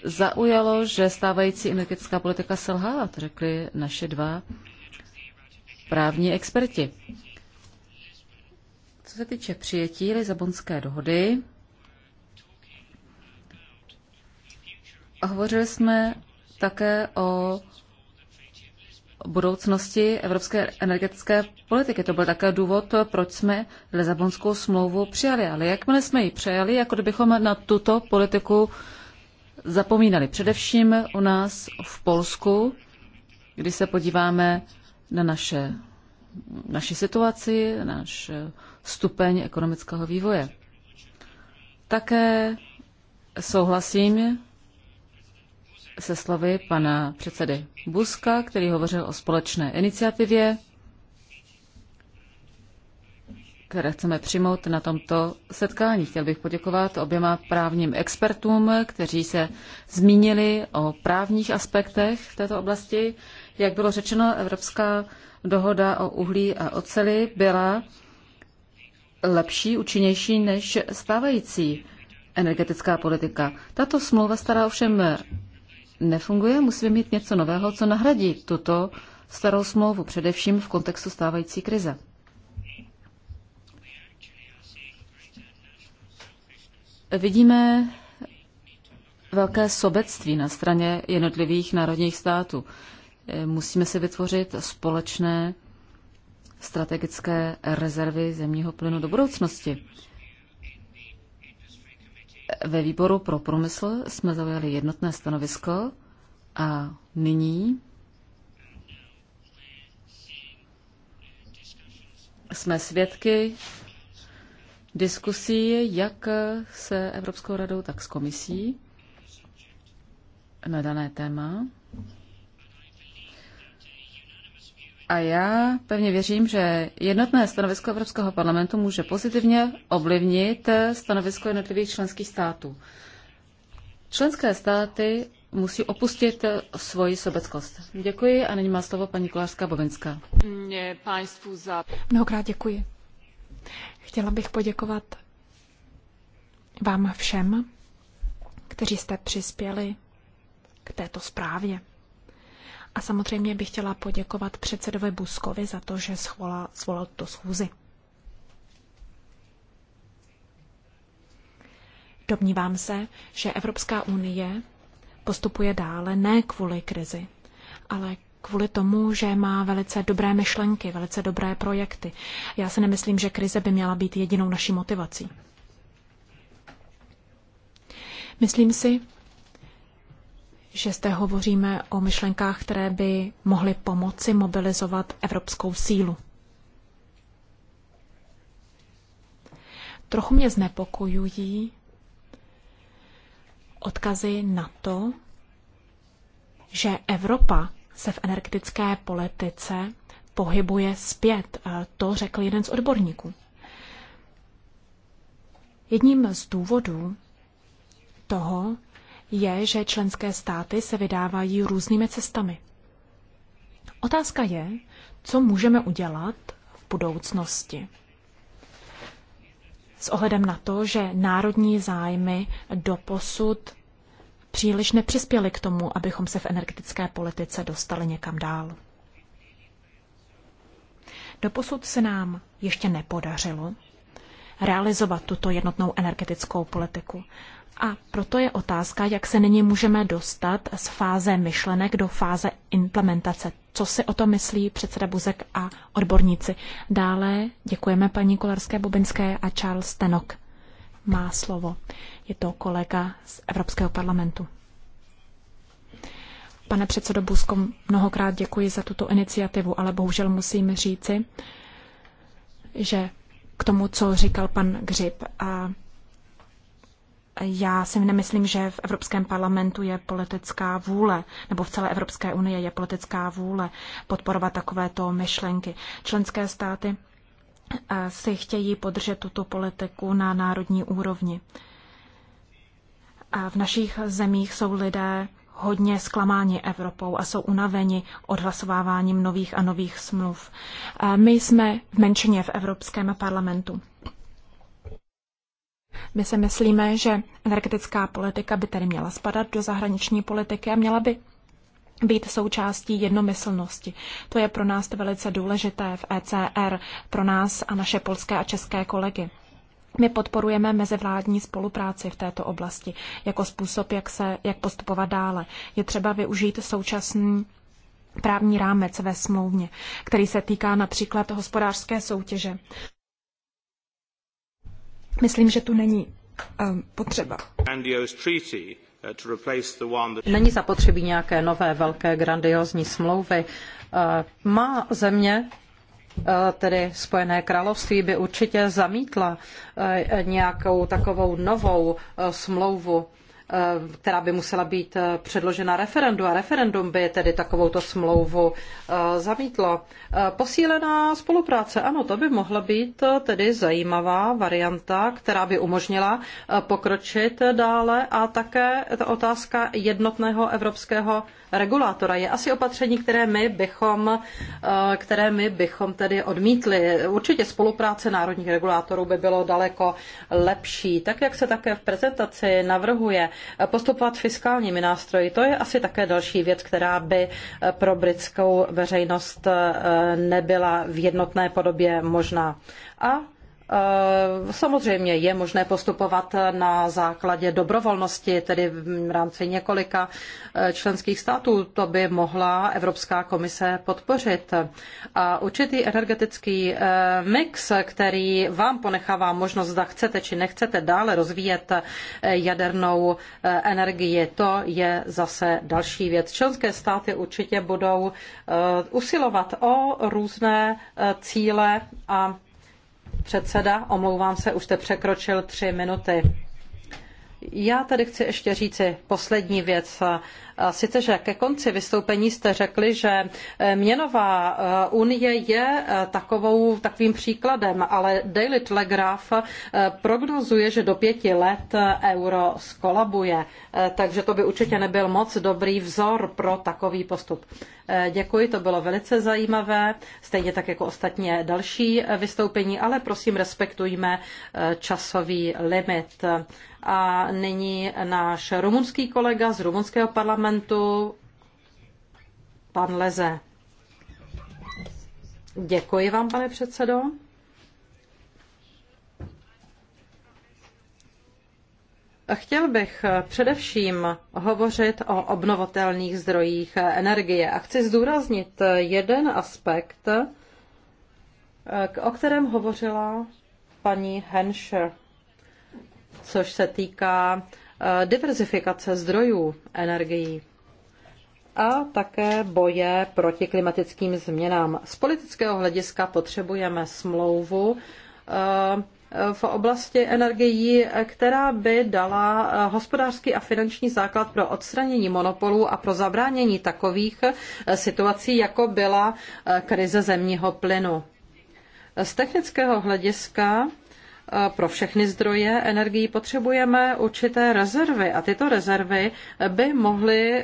zaujalo, že stávající energetická politika selhává, to řekli naše dva právní experti. Co se týče přijetí Lizabonské dohody, hovořili jsme také o budoucnosti evropské energetické politiky. To byl také důvod, proč jsme Lizabonskou smlouvu přijali. Ale jakmile jsme ji přijali, jako kdybychom na tuto politiku zapomínali. Především u nás v Polsku, když se podíváme na naše, naši situaci, náš stupeň ekonomického vývoje. Také souhlasím se slovy pana předsedy Buska, který hovořil o společné iniciativě, které chceme přijmout na tomto setkání. Chtěl bych poděkovat oběma právním expertům, kteří se zmínili o právních aspektech v této oblasti. Jak bylo řečeno, Evropská dohoda o uhlí a oceli byla lepší, účinnější než stávající energetická politika. Tato smlouva stará ovšem nefunguje, musíme mít něco nového, co nahradí tuto starou smlouvu, především v kontextu stávající krize. Vidíme velké sobectví na straně jednotlivých národních států. Musíme si vytvořit společné strategické rezervy zemního plynu do budoucnosti. Ve výboru pro průmysl jsme zaujali jednotné stanovisko a nyní jsme svědky diskusí jak se Evropskou radou, tak s komisí na dané téma. A já pevně věřím, že jednotné stanovisko Evropského parlamentu může pozitivně ovlivnit stanovisko jednotlivých členských států. Členské státy musí opustit svoji sobeckost. Děkuji a nyní má slovo paní Kolářská Bovinská. Mnohokrát děkuji. Chtěla bych poděkovat vám všem, kteří jste přispěli k této zprávě. A samozřejmě bych chtěla poděkovat předsedovi Buskovi za to, že schvola, svolal to schůzi. Domnívám se, že Evropská unie postupuje dále ne kvůli krizi, ale kvůli tomu, že má velice dobré myšlenky, velice dobré projekty. Já si nemyslím, že krize by měla být jedinou naší motivací. Myslím si, že zde hovoříme o myšlenkách, které by mohly pomoci mobilizovat evropskou sílu. Trochu mě znepokojují odkazy na to, že Evropa se v energetické politice pohybuje zpět. To řekl jeden z odborníků. Jedním z důvodů toho, je, že členské státy se vydávají různými cestami. Otázka je, co můžeme udělat v budoucnosti. S ohledem na to, že národní zájmy doposud příliš nepřispěly k tomu, abychom se v energetické politice dostali někam dál. Doposud se nám ještě nepodařilo realizovat tuto jednotnou energetickou politiku. A proto je otázka, jak se nyní můžeme dostat z fáze myšlenek do fáze implementace. Co si o to myslí předseda Buzek a odborníci? Dále děkujeme paní Kolarské Bobinské a Charles Tenok. Má slovo. Je to kolega z Evropského parlamentu. Pane předsedo Buzko, mnohokrát děkuji za tuto iniciativu, ale bohužel musím říci, že k tomu, co říkal pan Gřib. A já si nemyslím, že v Evropském parlamentu je politická vůle, nebo v celé Evropské unii je politická vůle podporovat takovéto myšlenky. Členské státy eh, si chtějí podržet tuto politiku na národní úrovni. A v našich zemích jsou lidé hodně zklamáni Evropou a jsou unaveni odhlasováváním nových a nových smluv. My jsme v menšině v Evropském parlamentu. My si myslíme, že energetická politika by tedy měla spadat do zahraniční politiky a měla by být součástí jednomyslnosti. To je pro nás velice důležité v ECR, pro nás a naše polské a české kolegy. My podporujeme mezivládní spolupráci v této oblasti jako způsob, jak, se, jak postupovat dále. Je třeba využít současný právní rámec ve smlouvně, který se týká například hospodářské soutěže. Myslím, že tu není um, potřeba. Eh, není zapotřebí nějaké nové velké grandiozní smlouvy. Eh, má země Eh, tedy Spojené království by určitě zamítla eh, nějakou takovou novou eh, smlouvu, která by musela být předložena referendu a referendum by tedy takovouto smlouvu zamítlo. Posílená spolupráce, ano, to by mohla být tedy zajímavá varianta, která by umožnila pokročit dále a také ta otázka jednotného evropského regulátora je asi opatření, které my bychom, eh, které my bychom tedy odmítli. Určitě spolupráce národních regulátorů by bylo daleko lepší. Tak, jak se také v prezentaci navrhuje eh, postupovat fiskálními nástroji, to je asi také další věc, která by eh, pro britskou veřejnost nebyla v jednotné podobě možná. A Eh, samozřejmě je možné postupovat na základě dobrovolnosti, tedy v rámci několika eh, členských států. To by mohla Evropská komise podpořit. A určitý energetický eh, mix, který vám ponechává možnost, zda chcete či nechcete dále rozvíjet jadernou energii, to je zase další věc. Členské státy určitě budou usilovat o různé cíle a Předseda, omlouvám se, už jste překročil tři minuty. Já tady chci ještě říci poslední věc. A sice, že ke konci vystoupení jste řekli, že eh, měnová eh, unie je eh, takovou, takovým příkladem, ale Daily Telegraph prognozuje, že do pěti let euro skolabuje. Takže to by určitě nebyl moc dobrý vzor pro takový postup. Děkuji, to bylo velice zajímavé, stejně tak jako ostatně další vystoupení, ale prosím respektujme časový limit. A nyní náš rumunský kolega z rumunského parlamentu, pan Leze. Děkuji vám, pane předsedo. Chtěl bych především hovořit o obnovitelných zdrojích energie a chci zdůraznit jeden aspekt, o kterém hovořila paní Henscher což se týká eh, diverzifikace zdrojů energií a také boje proti klimatickým změnám. Z politického hlediska potřebujeme smlouvu eh, v oblasti energií, která by dala eh, hospodářský a finanční základ pro odstranění monopolů a pro zabránění takových situací, jako byla krize zemního plynu. Z technického hlediska pro všechny zdroje energií potřebujeme určité rezervy a tyto rezervy by mohly e,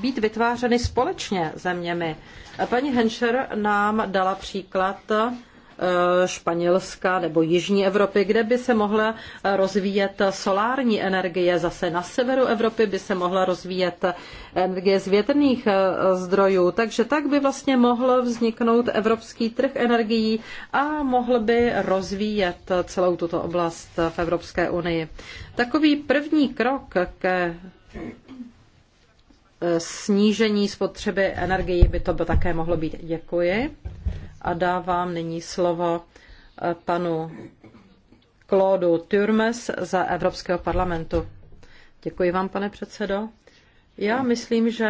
být vytvářeny společně zeměmi. Paní Henscher nám dala příklad Eh, Španělska nebo Jižní Evropy, kde by se mohla rozvíjet solární energie. Zase na severu Evropy by se mohla rozvíjet energie z větrných eh, zdrojů. Takže tak by vlastně mohl vzniknout evropský trh energií a mohl by rozvíjet celou tuto oblast v Evropské unii. Takový první krok ke eh, snížení spotřeby energií by to by také mohlo být. Děkuji a dávám nyní slovo eh, panu Claudu Turmes za Evropského parlamentu. Děkuji vám, pane předsedo. Já myslím, že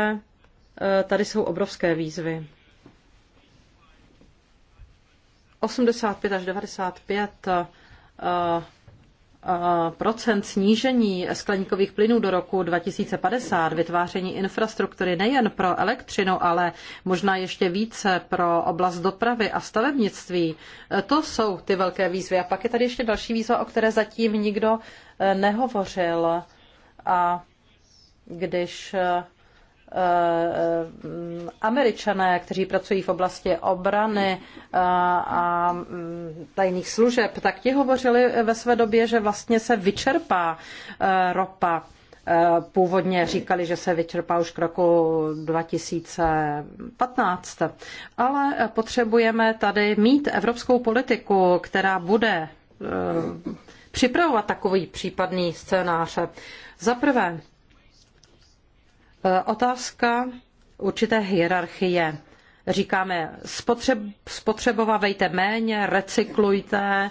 eh, tady jsou obrovské výzvy. 85 až 95 procent snížení skleníkových plynů do roku 2050, vytváření infrastruktury nejen pro elektřinu, ale možná ještě více pro oblast dopravy a stavebnictví, to jsou ty velké výzvy. A pak je tady ještě další výzva, o které zatím nikdo eh, nehovořil. A když eh, Eh, eh, američané, kteří pracují v oblasti obrany eh, a mm, tajných služeb, tak ti hovořili ve své době, že vlastně se vyčerpá ropa. Původně říkali, že se vyčerpá už k roku 2015, ale potřebujeme tady mít evropskou politiku, která bude připravovat takový případný scénář. Za prvé, Eh, otázka určité hierarchie. Říkáme, spotřebovávejte méně, recyklujte,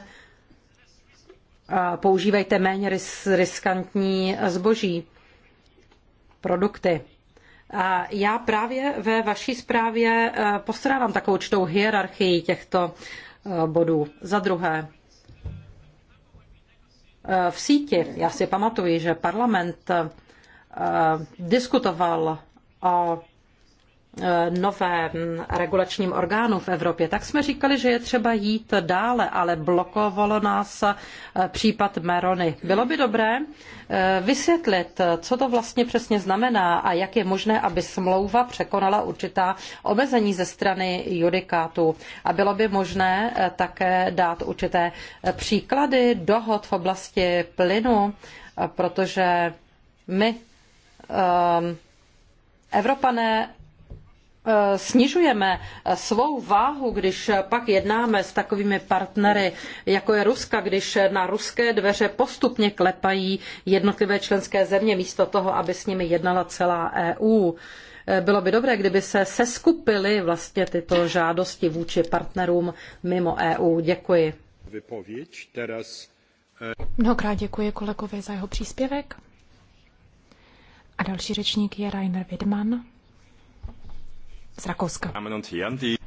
používejte méně riskantní zboží, produkty. A já právě ve vaší zprávě eh, postrádám takovou určitou hierarchii těchto eh, bodů. Za druhé, v síti, já si pamatuji, že parlament Eh, diskutoval o eh, novém regulačním orgánu v Evropě, tak jsme říkali, že je třeba jít dále, ale blokovalo nás eh, případ Merony. Bylo by dobré vysvětlit, co to vlastně přesně znamená a jak je možné, aby smlouva překonala určitá omezení ze strany judikátu. A bylo by možné také dát určité příklady dohod v oblasti plynu, protože my Ehm, Evropané eh, snižujeme svou váhu, když pak jednáme s takovými partnery, jako je Ruska, když na ruské dveře postupně klepají jednotlivé členské země místo toho, aby s nimi jednala celá EU. Eh, bylo by dobré, kdyby se seskupily vlastně tyto žádosti vůči partnerům mimo EU. Děkuji. Eh, Mnohokrát děkuji kolegovi za jeho příspěvek. A další řečník je Rainer Widman z Rakouska.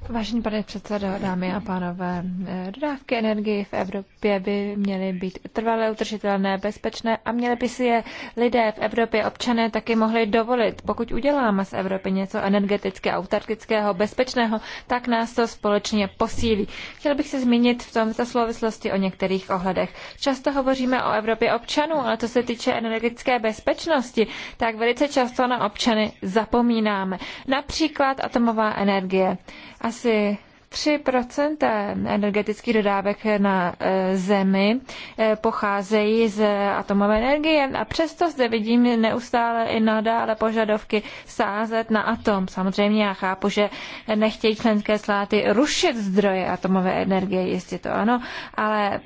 Vážený pane předsedo, dámy a pánové, dodávky energie v Evropě by měly být trvalé, utržitelné, bezpečné a měly by si je lidé v Evropě, občané, taky mohli dovolit. Pokud uděláme z Evropy něco energeticky autarkického, bezpečného, tak nás to společně posílí. Chtěl bych se zmínit v tomto souvislosti o některých ohledech. Často hovoříme o Evropě občanů, ale co se týče energetické bezpečnosti, tak velice často na občany zapomínáme. Například, a to atomová energie. Asi 3 energetických dodávek na e, Zemi e, pocházejí z atomové energie a přesto zde vidím neustále i nadále požadovky sázet na atom. Samozřejmě já chápu, že nechtějí členské státy rušit zdroje atomové energie, jistě to ano, ale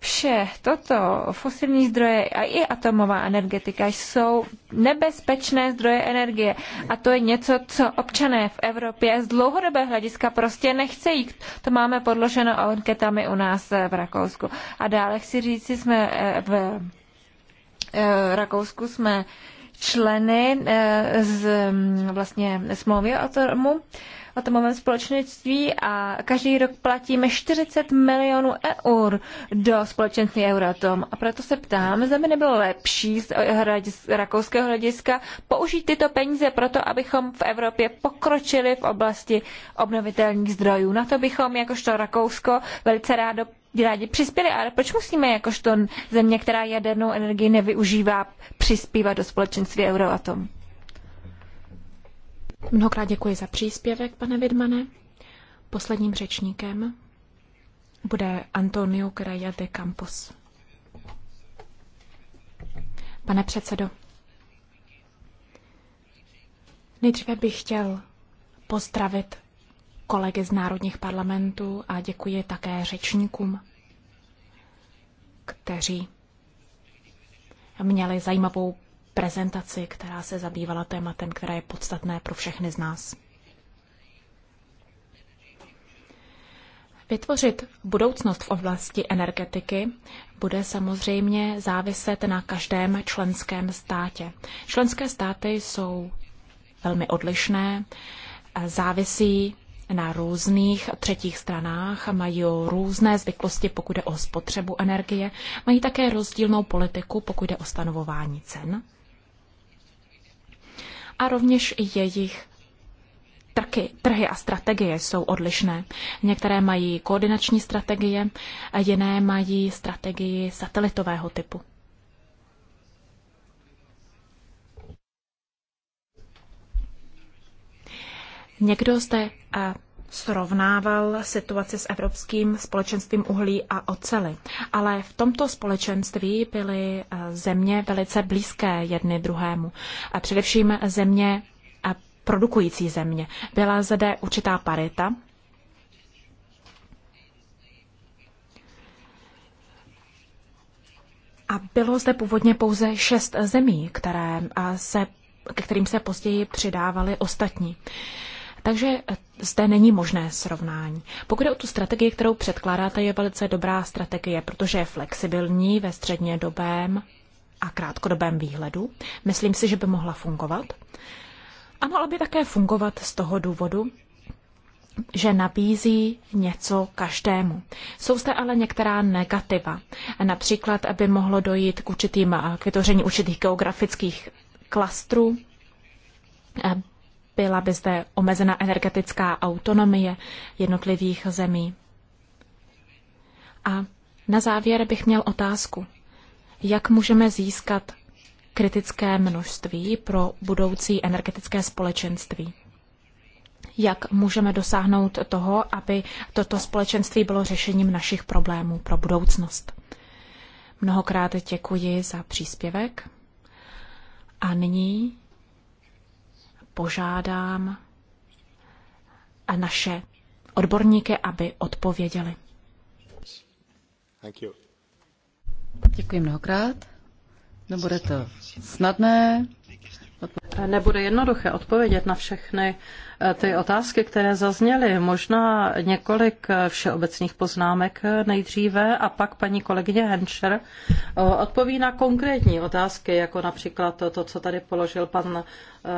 Vše toto, fosilní zdroje a i atomová energetika jsou nebezpečné zdroje energie. A to je něco, co občané v Evropě z dlouhodobého hlediska prostě nechcejí. To máme podloženo anketami u nás eh, v Rakousku. A dále chci říct, že jsme eh, v eh, Rakousku jsme členy z mm, vlastně smlouvy o tomu atomovém společenství a každý rok platíme 40 milionů eur do společenství Euratom. A proto se ptám, zda by nebylo lepší z rakouského hlediska použít tyto peníze proto, abychom v Evropě pokročili v oblasti obnovitelných zdrojů. Na to bychom jakožto Rakousko velice rádo rádi přispěli, ale proč musíme jakožto země, která jadernou energii nevyužívá, přispívat do společenství Euratom? Mnohokrát děkuji za příspěvek, pane Vidmane. Posledním řečníkem bude Antonio Kraja de Campos. Pane předsedo, nejdříve bych chtěl pozdravit kolegy z národních parlamentů a děkuji také řečníkům, kteří měli zajímavou prezentaci, která se zabývala tématem, které je podstatné pro všechny z nás. Vytvořit budoucnost v oblasti energetiky bude samozřejmě záviset na každém členském státě. Členské státy jsou velmi odlišné, závisí na různých třetích stranách, mají různé zvyklosti, pokud jde o spotřebu energie, mají také rozdílnou politiku, pokud jde o stanovování cen a rovněž jejich trky, trhy a strategie jsou odlišné. Některé mají koordinační strategie, a jiné mají strategii satelitového typu. Někdo zde a srovnával situaci s Evropským společenstvím uhlí a ocely. Ale v tomto společenství byly eh, země velice blízké jedny druhému. A především země a produkující země. Byla zde určitá parita. A bylo zde původně pouze šest zemí, které se, ke kterým se později přidávaly ostatní. Uh, takže eh, zde není možné srovnání. Pokud je o tu strategii, kterou předkládáte, je velice dobrá strategie, protože je flexibilní ve dobém a krátkodobém výhledu. Myslím si, že by mohla fungovat. A mohla by také fungovat z toho důvodu, že nabízí něco každému. Jsou zde ale některá negativa. Například aby mohlo dojít k, určitým, eh, k vytvoření určitých geografických klastrů, eh, byla by zde omezena energetická autonomie jednotlivých zemí. A na závěr bych měl otázku. Jak můžeme získat kritické množství pro budoucí energetické společenství? Jak můžeme dosáhnout toho, aby toto společenství bylo řešením našich problémů pro budoucnost? Mnohokrát děkuji za příspěvek. A nyní požádám a naše odborníky, aby odpověděli. Thank you. Děkuji mnohokrát. Nebude to snadné. Nebude jednoduché odpovědět na všechny ty otázky, které zazněly. Možná několik všeobecných poznámek nejdříve a pak paní kolegyně Henscher eh, odpoví na konkrétní otázky, jako například to, to co tady položil pan eh,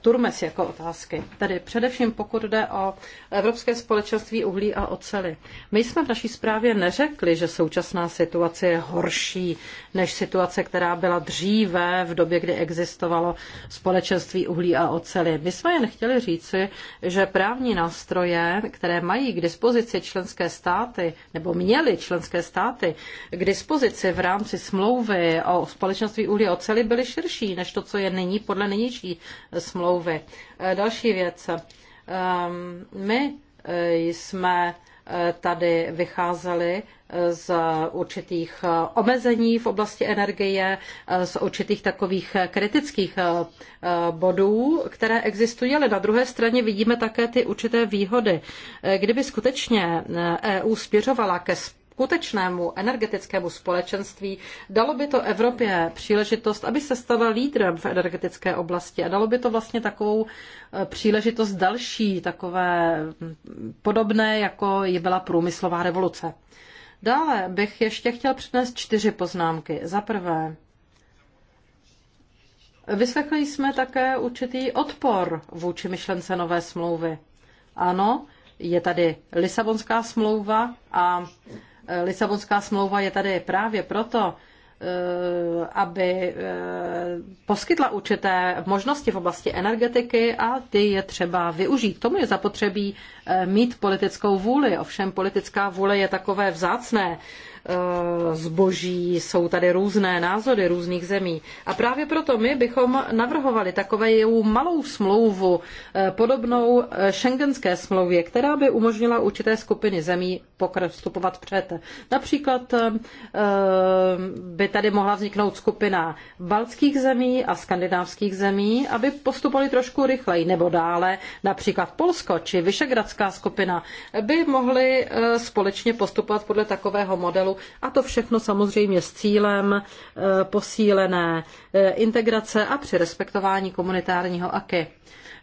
Turmes jako otázky. Tedy především pokud jde o Evropské společenství uhlí a ocely. My jsme v naší zprávě neřekli, že současná situace je horší než situace, která byla dříve v době, kdy existovalo společenství uhlí a ocely. My jsme jen chtěli říct, říci, že právní nástroje, které mají k dispozici členské státy, nebo měly členské státy k dispozici v rámci smlouvy o společenství uhlí oceli, byly širší než to, co je nyní podle nynější eh, smlouvy. Eh, další věc. Ehm, my eh, jsme tady vycházeli z určitých omezení v oblasti energie, z určitých takových kritických eh, bodů, které existují, ale na druhé straně vidíme také ty určité výhody. Eh, kdyby skutečně EU eh, e směřovala ke skutečnému energetickému společenství, dalo by to Evropě příležitost, aby se stala lídrem v energetické oblasti a dalo by to vlastně takovou eh, příležitost další, takové hm, podobné, jako je byla průmyslová revoluce. Dále bych ještě chtěl přinést čtyři poznámky. Za prvé, vyslechli jsme také určitý odpor vůči myšlence nové smlouvy. Ano, je tady Lisabonská smlouva a Eh, Lisabonská smlouva je tady právě proto, eh, aby eh, poskytla určité možnosti v oblasti energetiky a ty je třeba využít. Tomu je zapotřebí mít politickou vůli. Ovšem politická vůle je takové vzácné Eh, zboží. Jsou tady různé názory různých zemí. A právě proto my bychom navrhovali takovou malou smlouvu, eh, podobnou eh, šengenské smlouvě, která by umožnila určité skupiny zemí postupovat před. Například by tady mohla vzniknout skupina baltských zemí a skandinávských zemí, aby postupovali trošku rychleji nebo dále. Například Polsko či Vyšegradská skupina by mohly společně postupovat podle takového modelu, a to všechno samozřejmě s cílem eh, posílené eh, integrace a při respektování komunitárního AKY.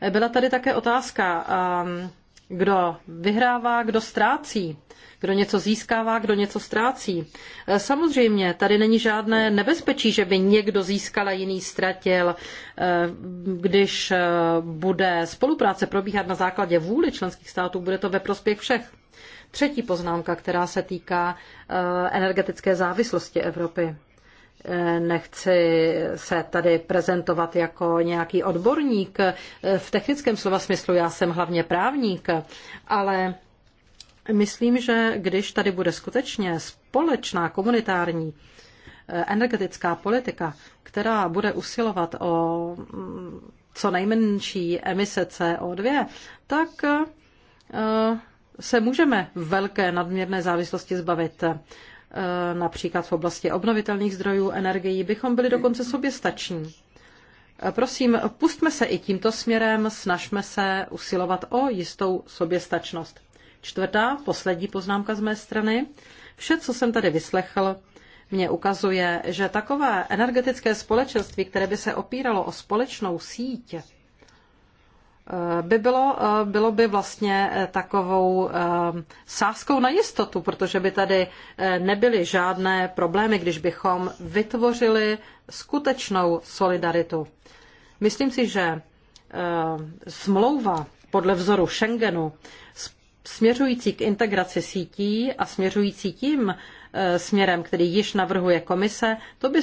Eh, byla tady také otázka, ehm, kdo vyhrává, kdo ztrácí, kdo něco získává, kdo něco ztrácí. Samozřejmě, tady není žádné nebezpečí, že by někdo získal a jiný ztratil, když bude spolupráce probíhat na základě vůli členských států, bude to ve prospěch všech. Třetí poznámka, která se týká eh, energetické závislosti Evropy. Eh, nechci se tady prezentovat jako nějaký odborník. Eh, v technickém slova smyslu já jsem hlavně právník, ale myslím, že když tady bude skutečně společná komunitární energetická politika, která bude usilovat o mm, co nejmenší emise CO2, tak se můžeme velké nadměrné závislosti zbavit. E, například v oblasti obnovitelných zdrojů energií bychom byli dokonce soběstační. E, prosím, pustme se i tímto směrem, snažme se usilovat o jistou soběstačnost. Čtvrtá, poslední poznámka z mé strany. Vše, co jsem tady vyslechl, mě ukazuje, že takové energetické společenství, které by se opíralo o společnou síť, Eh, by bylo, eh, bylo by vlastně eh, takovou sázkou na jistotu, protože by tady nebyly žádné problémy, když bychom vytvořili skutečnou solidaritu. Myslím si, že smlouva podle vzoru Schengenu směřující k integraci sítí a směřující tím směrem, který již navrhuje komise, to by